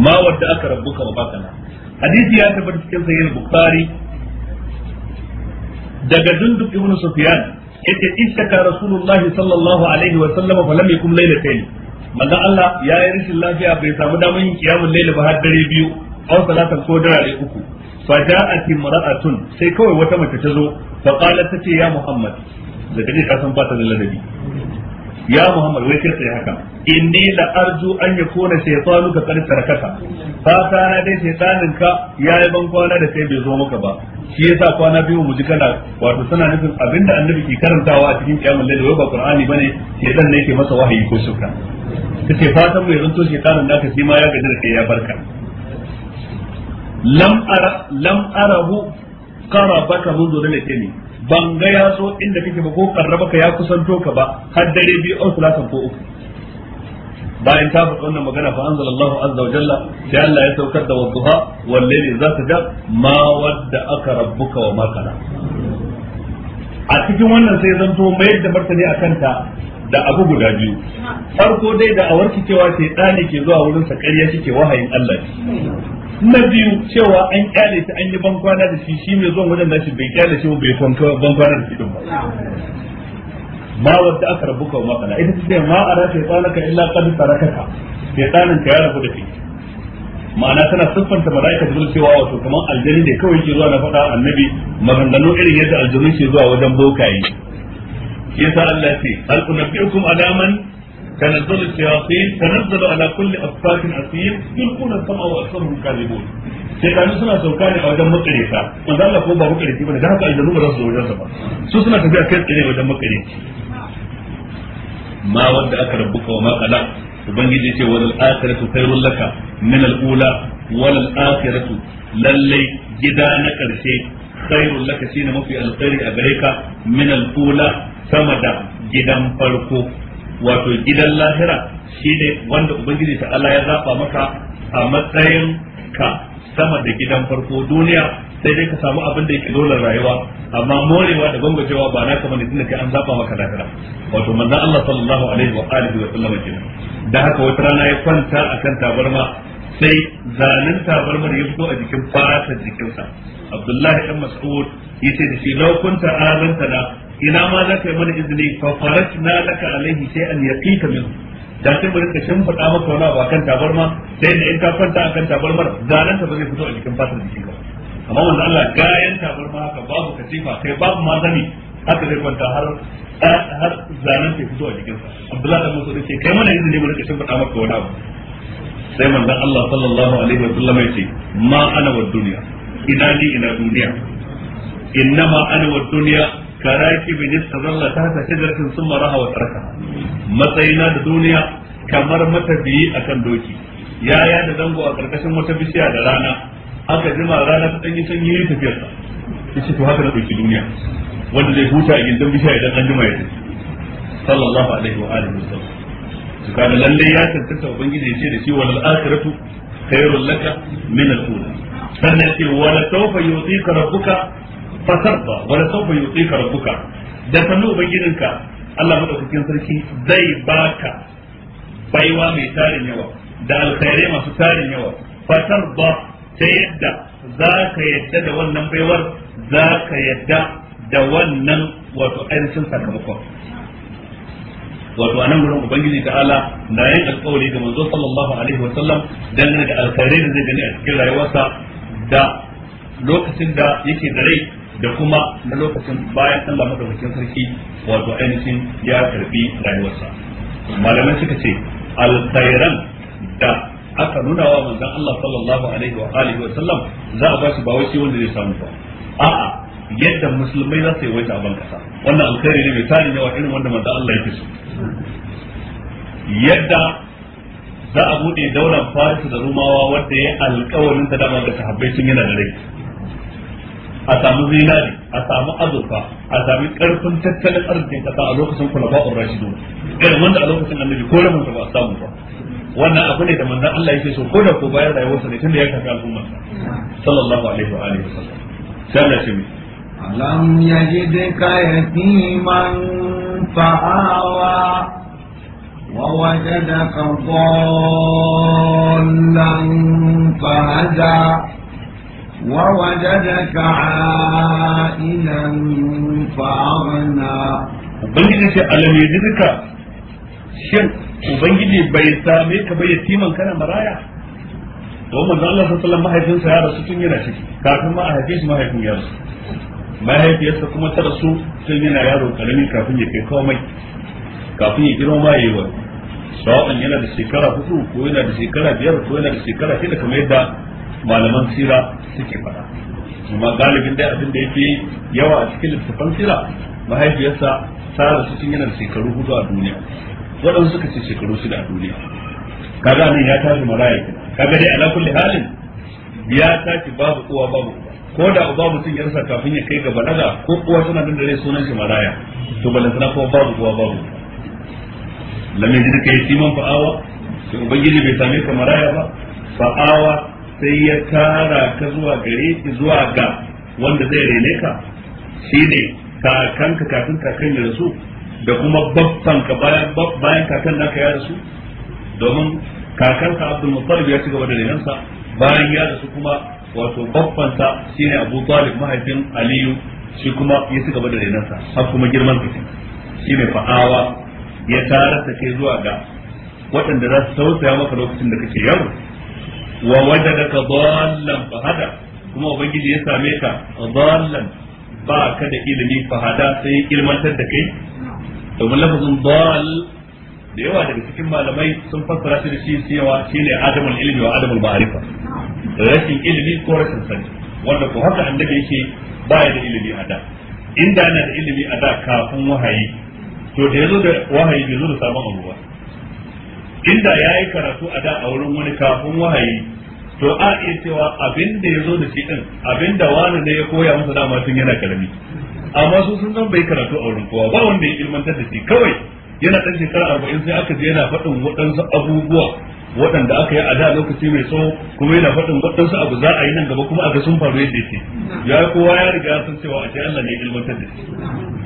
ma wadda aka rabbuka wa baka na hadisi ya tabbata cikin sahih bukhari daga dunduk ibn sufyan yace istaka rasulullahi sallallahu alaihi wa sallam fa lam yakum laylatayn manzo Allah ya yi rashin lafiya bai samu damar yin kiyamul laila ba har dare biyu aw salatan ko dare uku fa ja'at imra'atun sai kawai wata mace ta zo fa qalat ce ya muhammad da kaje ka ba ta da ladabi ya muhammad wai sai sai haka inni la arju an yakuna shaytanu ka qad tarakaka fa na dai shaytanin ka yayi ban kwana da sai bai zo maka ba shi yasa kwana biyu mu ji kana wato suna nufin abinda annabi ke karantawa a cikin kiyamul layl wai ba qur'ani bane shaytan ne ke masa wahayi ko shuka. kace fatan mu yanzu shaytanin naka shi ma ya gaji da kai ya barka lam ara lam arahu qarabaka mundu da ne ban ga ya so inda kake ba ko karraba ka ya kusanto ka ba har dare biyu au salatan ko uku bayan ta faɗi wannan magana fa anzala Allahu azza wa jalla sai Allah ya saukar da wadduha wal za zaka ja ma wadda aka rabbuka wa ma kana a cikin wannan sai zanto mayar da martani akan ta da abu guda biyu farko dai da awarki cewa sai ɗani ke zuwa wurin sa ƙarya shike wahayin Allah na biyu cewa an kyale ta an yi bankwana da shi shi mai zuwan wajen nashi bai kyale shi bai bankwana da shi din ba ma wadda aka rabu ka makana ita ce ma ara shaytanaka illa qad tarakaka shaytanin ka ya rabu da kai ma'ana tana siffanta mala'ika da cewa wato kamar aljani ne kawai ke zuwa na faɗa annabi maganganu irin yadda aljanu ke zuwa wajen bokaye yasa Allah ce hal unabbiukum ala man tanazzalu shayatin tanazzalu ala kulli affakin asim yulquna sama wa aktharuhum kadhibun sai kanu suna sauka ne a wajen makareta manzo Allah ko ba makareti bane dan haka aljanu ba za su wajen sa ba su suna tafiya kai tsaye wajen makareti ma wanda aka rabbuka wa ma qala ubangiji ce wal akhiratu khairul laka min al ula wal akhiratu lallai gida na karshe khairul laka shine mafi alkhairi a gare ka min al ula sama da gidan farko wato gidan lahira shi ne wanda ubangiji ta Allah ya zaba maka a matsayin ka sama da gidan farko duniya sai dai ka samu abin da yake dole rayuwa amma morewa da gwangwajewa ba na kamar da kai an zaba maka lahira wato manzon Allah sallallahu alaihi wa alihi wa sallam kenan da haka wata rana ya kwanta akan tabarma sai zanen tabarmar ya fito a jikin fatar jikinsa Abdullahi dan Mas'ud yace da shi laukunta kunta azanta ina ma za ka yi mana izini fa na laka alaihi shay'an yaqika minhu da sai mu rinka shin fada maka wani abu kan tabarma sai da in ka kwanta akan tabarmar ganan ta ba zai fito a jikin fatar jikin ka amma wanda Allah yan tabarma haka babu katifa kai babu ma zami haka zai kwanta har har zanen ya fito a jikin sa Abdullahi da Musa ce kai mana izini mu rinka shin fada maka wani abu sai manzon Allah sallallahu alaihi wa sallam yace ma ana wa duniya ina ni ina duniya innama ana wa duniya karaki bi nista zalla ta ta shajaratin sun maraha wa tsarka matsayina da duniya kamar matafiyi akan doki ya da zango a karkashin wata bishiya da rana aka jima rana ta danyi sanyi yi tafiyarsa ta ce to haka na ɗauki duniya wanda zai huta a gindin bishiya idan an jima ya tafi sallallahu alaihi wa alihi wasallam su kada lalle ya tantance ubangiji ya ce da shi wal akhiratu khairul laka min al-ula sannan ya ce wala sawfa yutika rabbuka fatarda wala sawfa yutika rabbuka da sanu ubangijinka Allah madaukakin sarki zai baka baiwa mai tarin yawa da alkhairai masu tarin yawa fatarda ta yadda za ka yadda da wannan baiwar za ka yadda da wannan wato ainihin sakamakon wato anan gurin ubangiji ta'ala na yin alkawari ga manzo sallallahu alaihi wa sallam dangane da alkhairai da zai gani a cikin rayuwarsa da lokacin da yake da rai da kuma na lokacin bayan Allah madaukakin sarki wato ainihin ya karbi rayuwarsa malaman suka ce alkhairan da aka nuna wa manzon Allah sallallahu alaihi wa alihi wa sallam za a ba shi ba wai wanda zai samu ba a'a yadda musulmai za su yi wata a kasa wannan alkhairi ne mai tarin yawa irin wanda manzon Allah ya fi yadda za a bude daular farisa da Rumawa wanda ya alkawarin da dama ga sahabbai sun yana da rai a samu zinari a samu azurfa a sami karfin tattalin arzikin kasa a lokacin kulafa'ur rashidun irin wanda a lokacin annabi ko rabin ba a samu ba wannan abu ne da manzon Allah yake so ko da ko bayan rayuwarsa ne tunda ya shafi al'umma sallallahu alaihi wa alihi wasallam sai Allah ce alam yajidka yatiman fa'awa ووجدك ضالا فهدى ووجدك عائلا فأغنى ubangiji ce alam yajidka shin ubangiji bai same ka bai yatiman kana maraya don manzo Allah sallallahu alaihi wasallam mahaifinsa ya rasu tun yana ciki kafin ma a haife shi mahaifin ya rasu mahaifiyarsa kuma ta rasu tun yana yaro karami kafin ya kai komai kafin ya girma ma yayi wani sawa'an yana da shekara hudu ko yana da shekara biyar ko yana da shekara shida kamar yadda malaman sira suke faɗa amma galibin dai abin da yake yawa a cikin littafan sira mahaifiyarsa sara su cikin yana da shekaru hudu a duniya waɗansu suka ce shekaru shida a duniya kaga nan ya tashi maraya kaga dai ala kulli halin ya tashi babu uwa babu uba ko da uba mutum ya rasa kafin ya kai ga balaga ko uwa tana nan da rai sunan shi maraya to lantana kuma babu uwa babu lamin yi siman fa'awa sai ubangiji bai same ka maraya ba fa'awa sai ya tara ka zuwa gare ki zuwa ga wanda zai rene ka shine kakanka kafin kakan ya rasu da kuma babban ka bayan kakan naka ya rasu domin kakanka Abdul Muttalib ya ci gaba da renensa bayan ya rasu kuma wato babban sa shine Abu Talib mahaifin Aliyu shi kuma ya ci gaba da renensa har kuma girman shi shine fa'awa ya tara ta ke zuwa ga waɗanda za su tausaya maka lokacin da kake yaro wa wajadaka dallan fahada kuma ubangiji ya same ka dallan ba ka da ilimi fahada sai ilmantar da kai domin lafazin dal da yawa daga cikin malamai sun fassara shi da shi cewa shine adamul ilmi wa adamul ma'rifa rashin ilimi ko rashin sani wanda ko haka annabi yake ya da ilimi a da inda ana da ilimi a da kafin wahayi to da yazo da wahayi bai zo da sabon abu inda ya yi karatu a da a wurin wani kafin wahayi to a iya cewa abin da ya zo da shi din abin da wani ne ya koya masa dama tun yana karami amma su sun san bai karatu a wurin kowa ba wanda ya ilmantar da shi kawai yana ɗan shekara arba'in sai aka je yana faɗin waɗansu abubuwa waɗanda aka yi a da lokaci mai tsawo kuma yana faɗin waɗansu abu za a yi nan gaba kuma aka sun faru yadda yake ya kowa ya riga sun cewa a ce Allah ne ya ilmantar da shi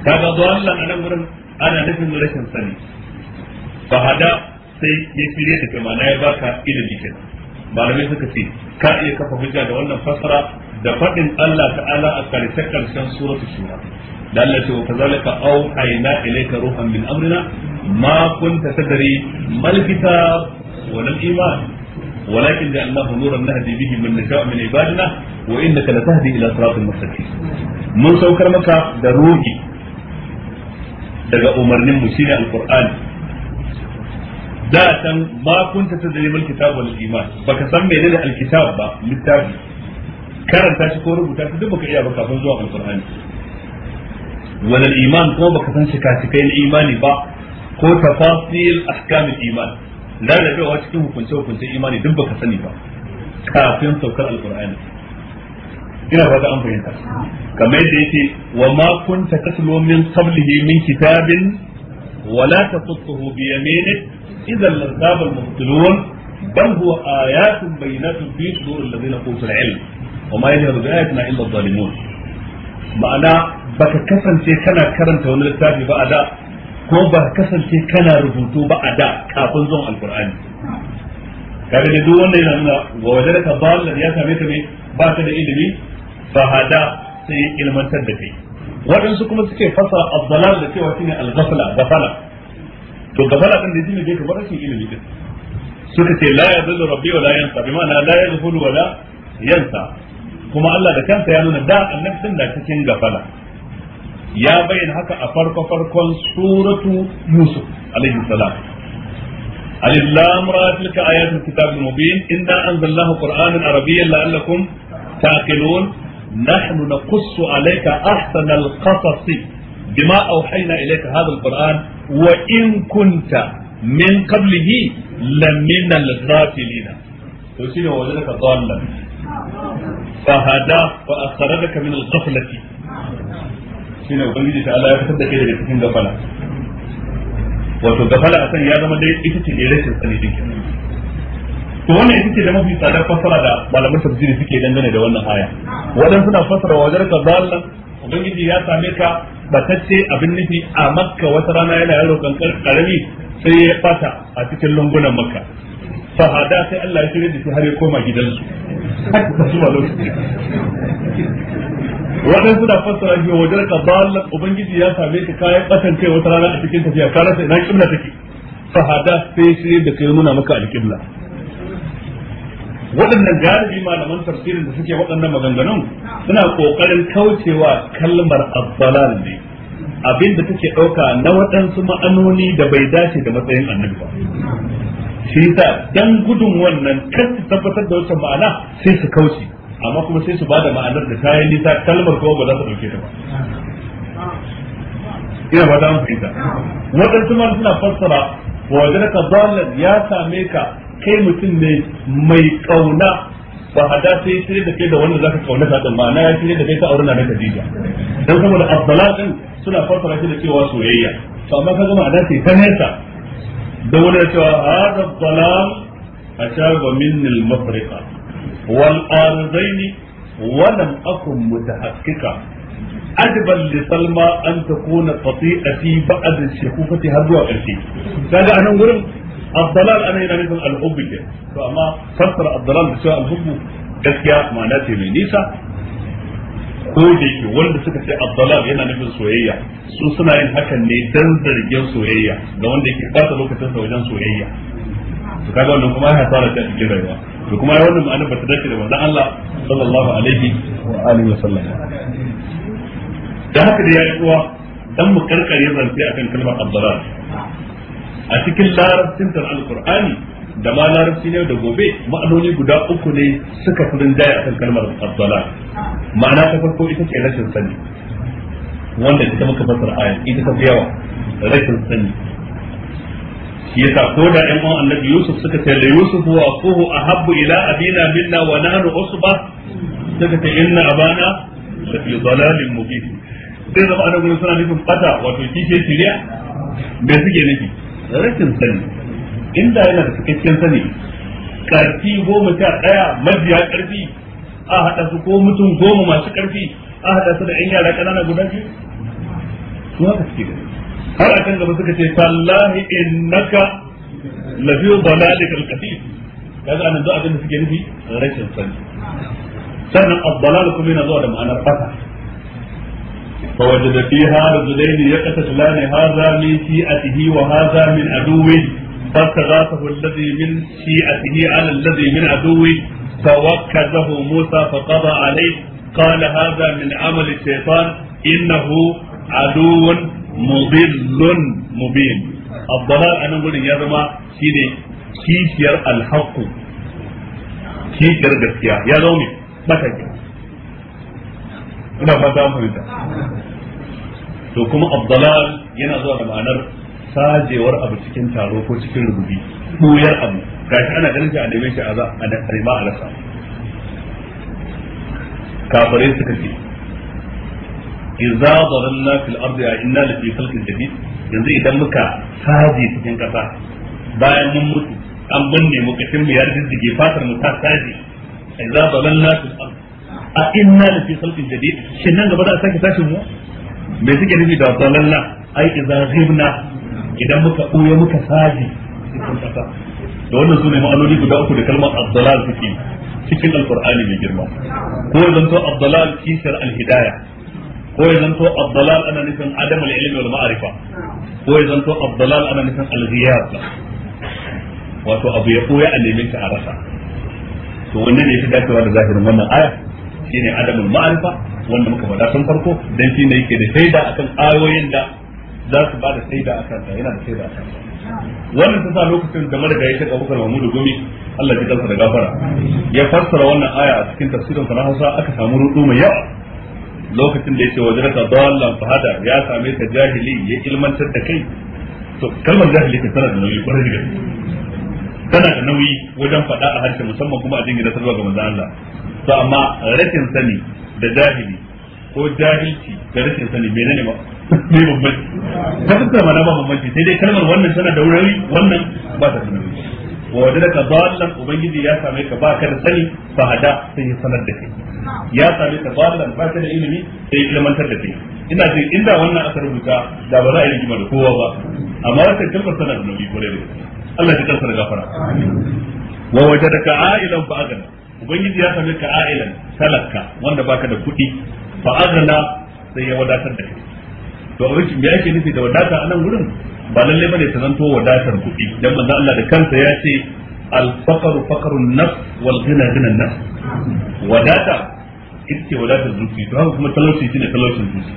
kaga zuwa Allah a nan wurin ana nufin rashin sani fa hada sai ya shirye ka kai ma'ana ya baka ilimi kenan malamai suka ce ka iya kafa hujja da wannan fasara da faɗin Allah ta'ala a karshe karshen suratul shura da Allah ce wa kazalika auhayna ilayka ruhan min amrina ma kunta tadri mal kitab wa lam iman ولكن جعلناه نورا نهدي به من نشاء من عبادنا وانك لتهدي الى صراط مستقيم mun saukar maka da ruhi daga umarnin mu shine alqur'ani da san ma ta tadri bil kitab wal iman baka san menene al kitab ba littafi karanta shi ko rubuta shi duk baka iya ba kafin zuwa al alqur'ani wal iman ko baka san shi kai na imani ba ko tafasil ahkam al iman lalabewa cikin hukunce hukunce imani duk baka sani ba kafin saukar al alqur'ani ina fata an fahimta kamar yadda yake wa ma kunta tatlu min qablihi min kitabin wala tasquhu bi yaminik idan lanzabal mubtilun bal huwa ayatun bayyinatun fi sudur alladhina utul ilm wa ma yajhadu bi ayatina illa adh-dhalimun ma'ana baka kasance kana karanta wani littafi ba a da ko ba kasance kana rubutu ba a da kafin zuwan alkur'ani kaga ne duk wanda yana nuna wa wajadaka ballan ya same ka ne ba ka da ilimi ba hada sai ilmantar da kai waɗansu kuma suke fasa abdalal da cewa shine al-ghafla ghafala to gafala din da jini bai kamar rashin ilimi din suka ce la yadullu rabbi wa la yansa bi ma'ana la yadhulu wa la yansa kuma Allah da kansa ya nuna da annabi din da cikin gafala ya bayyana haka a farko farkon suratu yusuf alaihi salam alif lam ra tilka ayatul kitabil mubin inna anzalnahu qur'anan arabiyyan la'allakum taqilun نحن نقص عليك أحسن القصص bima auhayna ilayka hadha alquran wa in min qablihi lamina al-ghafilina to shine wajadaka dhallan fahada fa akhrajaka min al-ghaflati shine ubangiji ta Allah ya fitar da kai daga cikin wato a ya zama ita ce rashin to wannan ita ce da mafi tsadar fassara da malaman tafsiri suke dangane da wannan aya wadan suna fassara wajen ka dhallan ubangiji ya same ka batacce abin nufi a makka wata rana yana yaro kankar karami sai ya fata a cikin lungunan makka fahada sai Allah ya shirya da shi har ya koma gidansu haka ta zuwa lokaci wadan suna fassara shi wajen ka ballan ubangiji ya same ka kayan kasance wata rana a cikin tafiya ka rasa ina kibla take fahada sai ya shirya da kai nuna maka alkibla waɗannan galibi malaman tafsirin da suke waɗannan maganganun suna ƙoƙarin kaucewa kalmar abbalal ne abin da take ɗauka na waɗansu ma'anoni da bai dace da matsayin annabi ba shi ta dan gudun wannan kar su tabbatar da wata ma'ana sai su kauce amma kuma sai su bada ma'anar da ta yi nisa kalmar kuma ba za ta ɗauke ta ba ina ba za mu fahimta waɗansu ma suna fassara wajen ka ya same ka kai mutum ne mai kauna ba hada sai shirye da kai da wanda zaka kauna ta din ma'ana ya da kai ta auren na Khadija dan saboda abdala ɗin suna farfara shi da cewa soyayya to amma kaga ma'ana sai ta nesa da wani cewa hada balam ashaba minni al-mafriqa wal arzaini ولم أكن متحققا أجبا لسلمى أن تكون har بعد شكوفتها بوغرتي a nan gurin abdalal ana yana nufin alhubbi ke to amma fassara abdalal da cewa alhubbu gaskiya ma'ana ce mai nisa ko da yake wanda suka ce abdalal yana nufin soyayya su suna yin hakan ne dan zargin soyayya ga wanda yake bata lokacin sa wajen soyayya to kaga wannan kuma ya hasara ta cikin rayuwa to kuma ya wannan ma'ana bata dace da manzon Allah sallallahu alaihi wa alihi wa sallam Da haka da ya yi uwa dan mu karkare zance akan kalmar abdalal a cikin larabcin tar alqur'ani da ma larabci ne da gobe ma'anoni guda uku ne suka fi a kan kalmar abdala ma'ana ta farko ita ce rashin sani wanda ita muka fasar aya ita ta fi yawa rashin sani yasa ko da ɗan uwan annabi Yusuf suka ce la Yusuf wa a ahabbu ila abina minna wa nahnu usba suka ce inna abana la fi dalalin mubin dai zama ana gurin suna nufin bata wato kike shirya me suke nufi rashin sani inda yana da cikakken sani karfi goma sha ɗaya majiya karfi a haɗa su ko mutum goma masu karfi a haɗa su da 'yan yara ƙanana guda biyu su haka suke da har a kan gaba suka ce tallahi innaka lafi ya za kaga anan za a da suke nufi rashin sani sannan abdalal kuma yana zuwa da ma'anar fata فوجد فيها رجلين يقتتلان هذا من شيعته وهذا من عدوه فاستغاثه الذي من شيعته على الذي من عدوه فوكزه موسى فقضى عليه قال هذا من عمل الشيطان انه عدو مضل مبين الضلال انا اقول يا جماعه شيني كيشير الحق كيشير gaskiya ya zo ne mataki ina fata mu da to kuma abdalal yana zuwa da ma'anar sajewar abu cikin taro ko cikin rububi buyar abu gashi ana ganin shi a neme shi a za a nema a rasa kafirai suka ce idza dhalalna fil ardi a inna lafi khalqin jadid yanzu idan muka saje cikin kasa bayan mun mutu an binne mu kashin mu ya diddige fatar mu ta saje idza dhalalna fil ardi a inna la fi khalqin jadid shin nan gaba da sake tashin mu me suke nufi da salalla ai idza ghibna idan muka koya muka saji cikin kasa da wannan sune ma'anoni guda uku da kalmar ad-dalal suke cikin alqur'ani mai girma ko idan to ad-dalal kishar al-hidayah ko ya zanto abdalal ana nufin adam al-ilmi wal ma'rifa ko ya zanto abdalal ana nufin al-ghiyab wato abu ya koya a nemin ta a rasa to wannan ne shi dacewa da zahirin wannan aya shine adamul ma'rifa wanda muka faɗa tun farko dan shi ne yake da shaida akan ayoyin da za su ba da shaida akan ta yana da shaida akan ta wannan ta sa lokacin da madaga ya taka bukar mamudu gumi Allah ya kansa da gafara ya fassara wannan aya a cikin tafsirin sa na Hausa aka samu rudu mai yawa lokacin da yake wajraka dallan fahada ya same ta jahili ya ilmantar da kai to kalmar jahili ke tana da nauyi kwarai da gaske tana da nauyi wajen faɗa a harshe musamman kuma a jingina zuwa ga manzon Allah to amma rashin sani da jahili ko jahilci da rashin sani menene ba ne bambanci ta fuskar ma ba bambanci sai dai kalmar wannan tana da wurare wannan ba ta sani wa wajada ka dallan ubangiji ya same ka ba ka da sani fa hada sai ya sanar da kai ya same ka dallan ba ka da ilimi sai ya ilmantar da kai ina jin inda wannan aka rubuta da ba za a yi rigima da kowa ba amma rashin kalmar tana da nauyi ko da Allah ya kansa da gafara wa wajadaka a'ilan fa aghna ubangiji ya same ka a'ilan talaka wanda baka da kuɗi fa aghna sai ya wadatar da kai to a me yake nufi da wadata a nan gurin ba lalle bane ta zanto wadatar kuɗi dan manzo Allah da kansa ya ce al-faqru an nafs wal ghina ghina nafs wadata ita wadatar zuci to haka kuma talauci shine talaucin zuci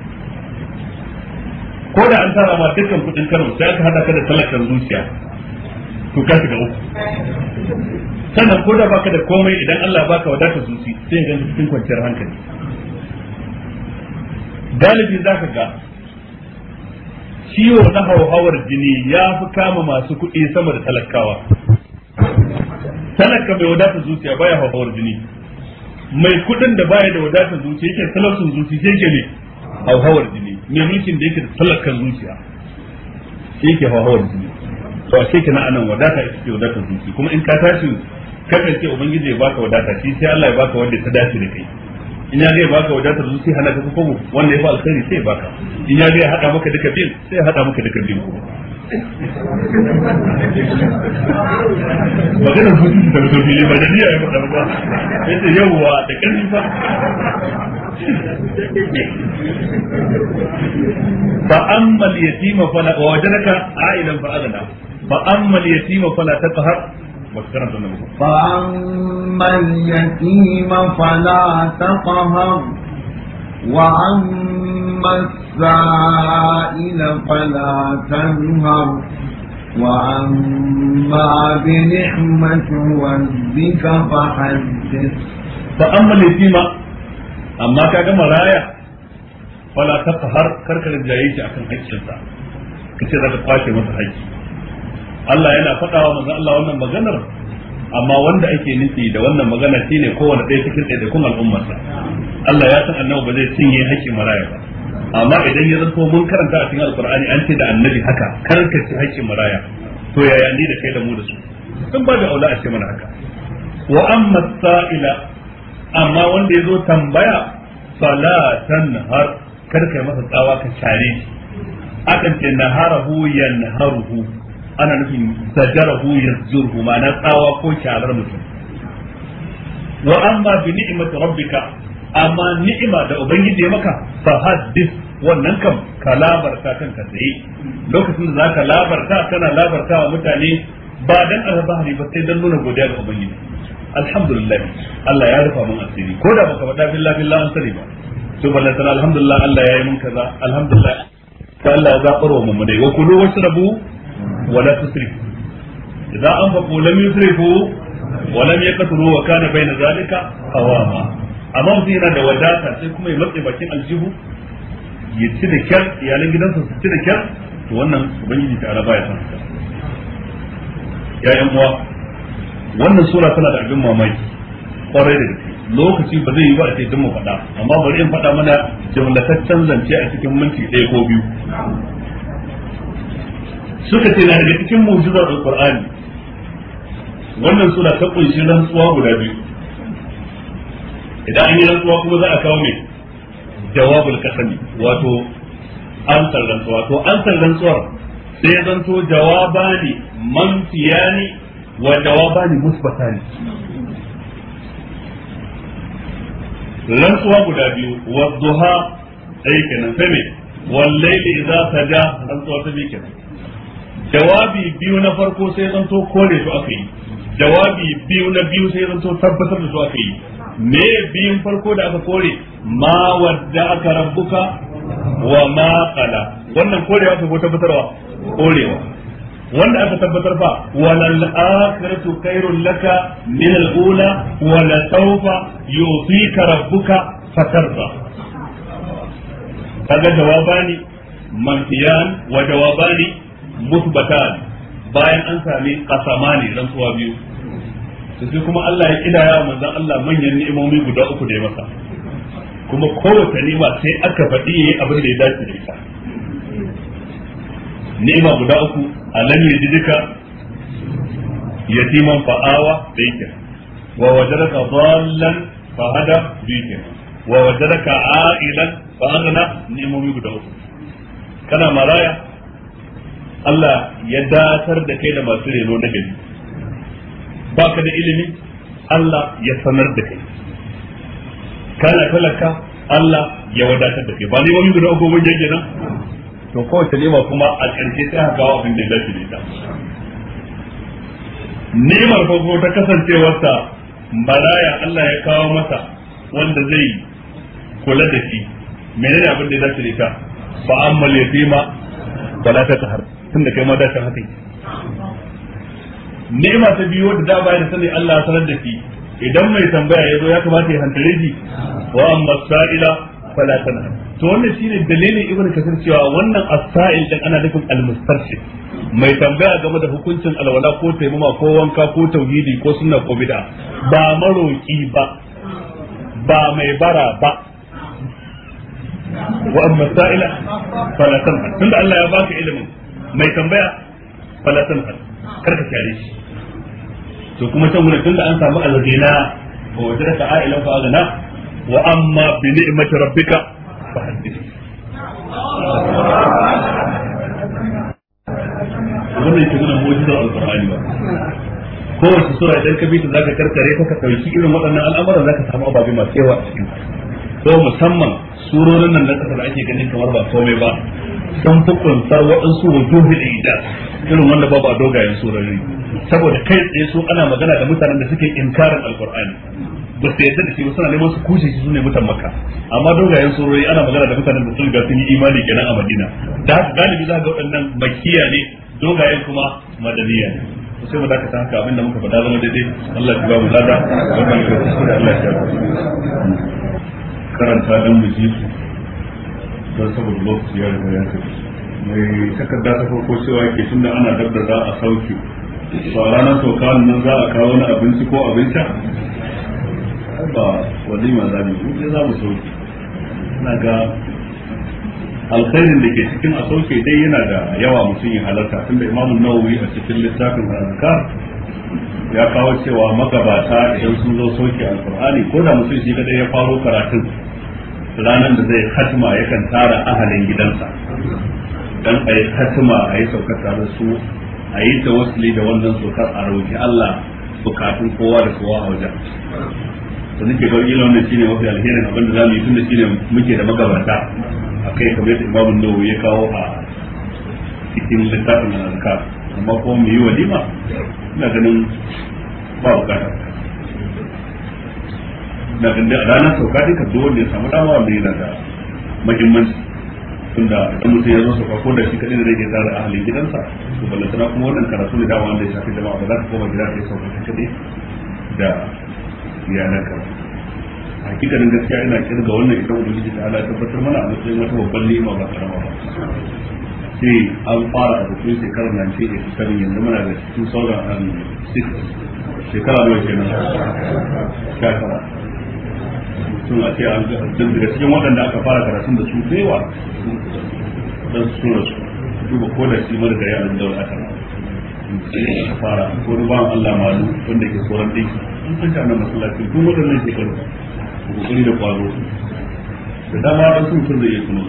ko da an tara ma dukkan kuɗin karo sai aka hada ka da talakan zuciya to ka shiga uku sannan ko da baka da komai idan Allah baka wadata zuci sai ga cikin kwanciyar hankali galibi zaka ga ciwo na hauhawar jini ya fi kama masu kuɗi sama da talakawa talaka mai wadatar zuciya baya hauhawar jini mai kuɗin da baya da wadatar zuciya yake zuci zuciya ke ne hauhawar jini mai mulkin da yake da talakan zuciya yake hauhawar jini to sai kina anan wadata ita ce wadata zuci kuma in ka tashi kasance ubangiji ya baka wadata shi sai Allah ya baka wanda ta dace da kai in ya zai baka wadatar zuci hana ka kuma wanda ya fa alkhairi sai baka in ya zai hada maka duka bin sai hada maka duka bin ba magana nan hutu da mutum fili ba da niyya ya faɗa ba sai ce yawwa da ƙarfi ba fa amma al-yatima fa la wajadaka a'ilan fa aghna فأما اليتيم فلا تقهر فأما اليتيم فلا تقهر وأما السائل فلا تنهر وأما بنعمة ربك فحدث فأما اليتيم أما كما مرايا فلا تقهر كركل الجايش أكن حجة كتير هذا قاشي مثل Allah yana faɗawa manzo Allah wannan maganar amma wanda ake nufi da wannan magana shine kowane ɗaya cikin ɗaiɗaikun al'ummarsa Allah ya san annabi ba zai cinye haƙƙin maraya ba amma idan ya zanto mun karanta a cikin alkur'ani an ce da annabi haka karka ci haƙƙin maraya to yaya ni da kai da mu da su sun ba da aula a ce mana haka wa amma sa'ila amma wanda ya zo tambaya Salatan har karkai masa tsawa ka share akan ce naharahu yanharuhu ana nufin zajarahu yazurhu ma'ana tsawa ko kyarar mutum wa amma bi ni'mati rabbika amma ni'ima da ubangiji ya maka fa haddis wannan kam ka labarta lokacin da zaka labarta kana labarta wa mutane ba dan alfahari ba sai dan nuna godiya ga ubangiji alhamdulillah Allah ya rufa mun asiri ko da baka faɗa billahi billahi an sani ba to balla sana alhamdulillah Allah ya yi mun kaza alhamdulillah ta Allah ya zabar wa mu dai wa kulu ولا تسرفوا إذا أنفقوا لم يسرفوا ولم يقتلوا وكان بين ذلك قواما amma mutum yana da wadata sai kuma ya matse bakin aljihu ya ci da kyar iyalan gidansa su ci da kyar to wannan ubangiji ta araba ya san ya yan uwa wannan sura tana da abin mamaki kwarai da lokaci ba zai yi ba a ce mu faɗa amma bari in faɗa mana jumlataccen zance a cikin minti ɗaya ko biyu suka ce na daga cikin mu'jizar alqur'ani wannan suna ta kunshi rantsuwa guda biyu idan an yi rantsuwa kuma za a kawo ne jawabul kasami wato ansar rantsuwa to ansar rantsuwar sai ya zanto jawabani manfiyani wa jawabani musbatani rantsuwa guda biyu wa duha ɗaya kenan sai me wallaili idza saja rantsuwa ta biyu kenan jawabi biyu na farko sai zanto kore su aka yi jawabi biyu na biyu sai zanto tabbatar da su aka yi me biyun farko da aka kore ma wadda aka rabbuka wa ma qala wannan kore aka ko tabbatarwa korewa wanda aka tabbatar fa walal akhiratu khairul laka min al ula wa la sawfa yutika rabbuka fatarda kaga jawabani manfiyan wa jawabani musbatan bayan an sami qasamani rantsuwa biyu to sai kuma Allah ya kidaya manzon Allah manyan ni'imomi guda uku da ya masa kuma kowace ni'ima sai aka faɗi yayi abin da ya dace da ita ni'ima guda uku alam yajidika yatiman fa'awa da wa wajadaka dallan fahada bi yake wa wajadaka a'ilan fa ni'imomi guda uku kana maraya Allah ya datar da kai da masu reno na gari baka da ilimi Allah ya sanar da kai kana talaka Allah ya wadatar da kai ba ne wani guda goma yake nan to kowace nema kuma a ƙarshe sai haka kawo abin da ya dace da ita nemar farko ta kasancewarsa malaya Allah ya kawo masa wanda zai kula da shi menene abin da ya dace da ita fa amma yatima fala ta tahar tunda kai ma da ta haka ni'ima ta biyu da da bayan sani Allah sanar da shi idan mai tambaya ya zo ya kamata ya hantare shi wa amma sa'ila fala tanha to wannan shine dalilin ibnu kasir cewa wannan as-sa'il din ana nufin al-mustarshid mai tambaya game da hukuncin alwala ko taimama ko wanka ko tauhidi ko sunna ko bid'a ba maroki ba ba mai bara ba wa amma sa'ila fala tanha tunda Allah ya baka ilimin mai tambaya fala hal karka kyare shi to kuma can wurin tunda an samu alghina wa wajadaka a'ilan fa aghna wa amma bi ni'mati rabbika fa hadith wannan ke nuna mu'jizar alqur'ani ba kowace sura idan ka bi ta zaka karkare ka ka dauki irin waɗannan al'amuran zaka samu ababe masu yawa a cikin ko musamman surorin nan da kasar ake ganin kamar ba komai ba sun fi kunsar waɗansu wujuhul ijaz irin wanda babu a dogayen surori saboda kai tsaye su ana magana da mutanen da suke inkarin alkur'ani ba su yadda da shi suna neman su kushe shi ne mutan makka amma dogayen surori ana magana da mutanen da sun ga sun yi imani kenan a madina da haka galibi za ga waɗannan makiya ne dogayen kuma madaniya ne sai mu dakata haka abinda muka faɗa zama daidai Allah ya ba mu lada wannan da Allah ya karanta dan mu ji su don saboda lokaci ya riga ya tafi mai takarda ta farko cewa ke da ana dabda za a sauke to a ranar toka nan za a kawo wani abinci ko abin sha ba walima za mu yi za mu sauke na ga alkhairin da ke cikin a sauke dai yana da yawa mutum ya halarta tunda imamun nawawi a cikin littafin azkar ya kawo cewa magabata idan sun zo sauke alkur'ani ko da mutum shi kadai ya faro karatun ranar da zai khatma yakan tara ahalin gidansa dan a yi hatima a yi saukar tare su a yi ta wasuli da wannan saukar a rauki Allah kafin kowa da kowa a wajen su nake ga ilon da shine wafi alherin abinda mu yi tunda shine muke da magabata a akai kamar yadda Imam Nawawi ya kawo a cikin littafin al amma ko mu yi walima ina ganin ba bukatar na ganda ranar sauka duka duk wanda ya samu dama wanda yana da mahimmanci tunda idan mutum ya zo sauka ko da shi kadai da rage tsara halin gidansa to ballantana kuma wannan karatu ne dama wanda ya shafi jama'a ba za ka koma gida ka yi sauka da hakikanin gaskiya ina kirga wannan idan ubangiji ta ala tabbatar mana a matsayin wata babban lima ba karama ba sai an fara a cikin shekarar 1987 yanzu muna da cikin sauran shekara shekara sun a ce an daga cikin waɗanda aka fara karatun da su baiwa don su su duba ko da shi mara da yaran daura aka ka fara ko ni ba Allah malu wanda ke tsoron dinki sun san ta nan masallaci ko waɗannan ke karu kokari da kwaro da dama da su mutum zai yi kuma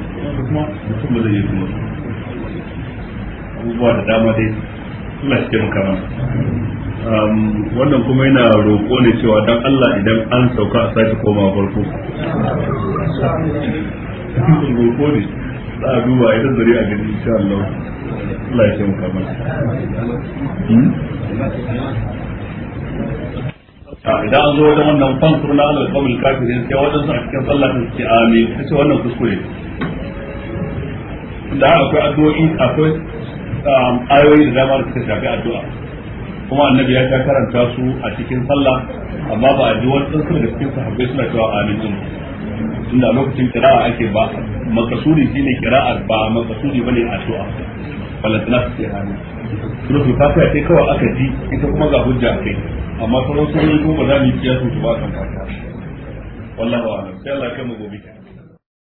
kuma mutum ba zai yi kuma abubuwa da dama dai Allah shi ke Um, wannan kuma yana roƙo ne cewa dan Allah idan an sauka a sake koma farko roƙo ne za a duba idan zari a gani insha Allah Allah ya taimaka mana hmm? idan an zo wajen wannan fansur na alal kawul kafirin sai wajen su a cikin sallah sun ce amin ta wannan kuskure da akwai addu'o'i akwai um, ayoyi da dama da suka shafi addu'a kuma annabi ya ta karanta su a cikin sallah amma ba a ji wani tsantsu da cikin sahabbai suna cewa amin din tunda lokacin kira'a ake ba makasuri shine kira'a ba makasuri bane addu'a balantana su ce kuma suratul ta kai kawa aka ji ita kuma ga hujja kai amma sauran sunan ko ba za mu yi kiyasu ba kan ka wallahi a'lam sai Allah ya kai mu gobe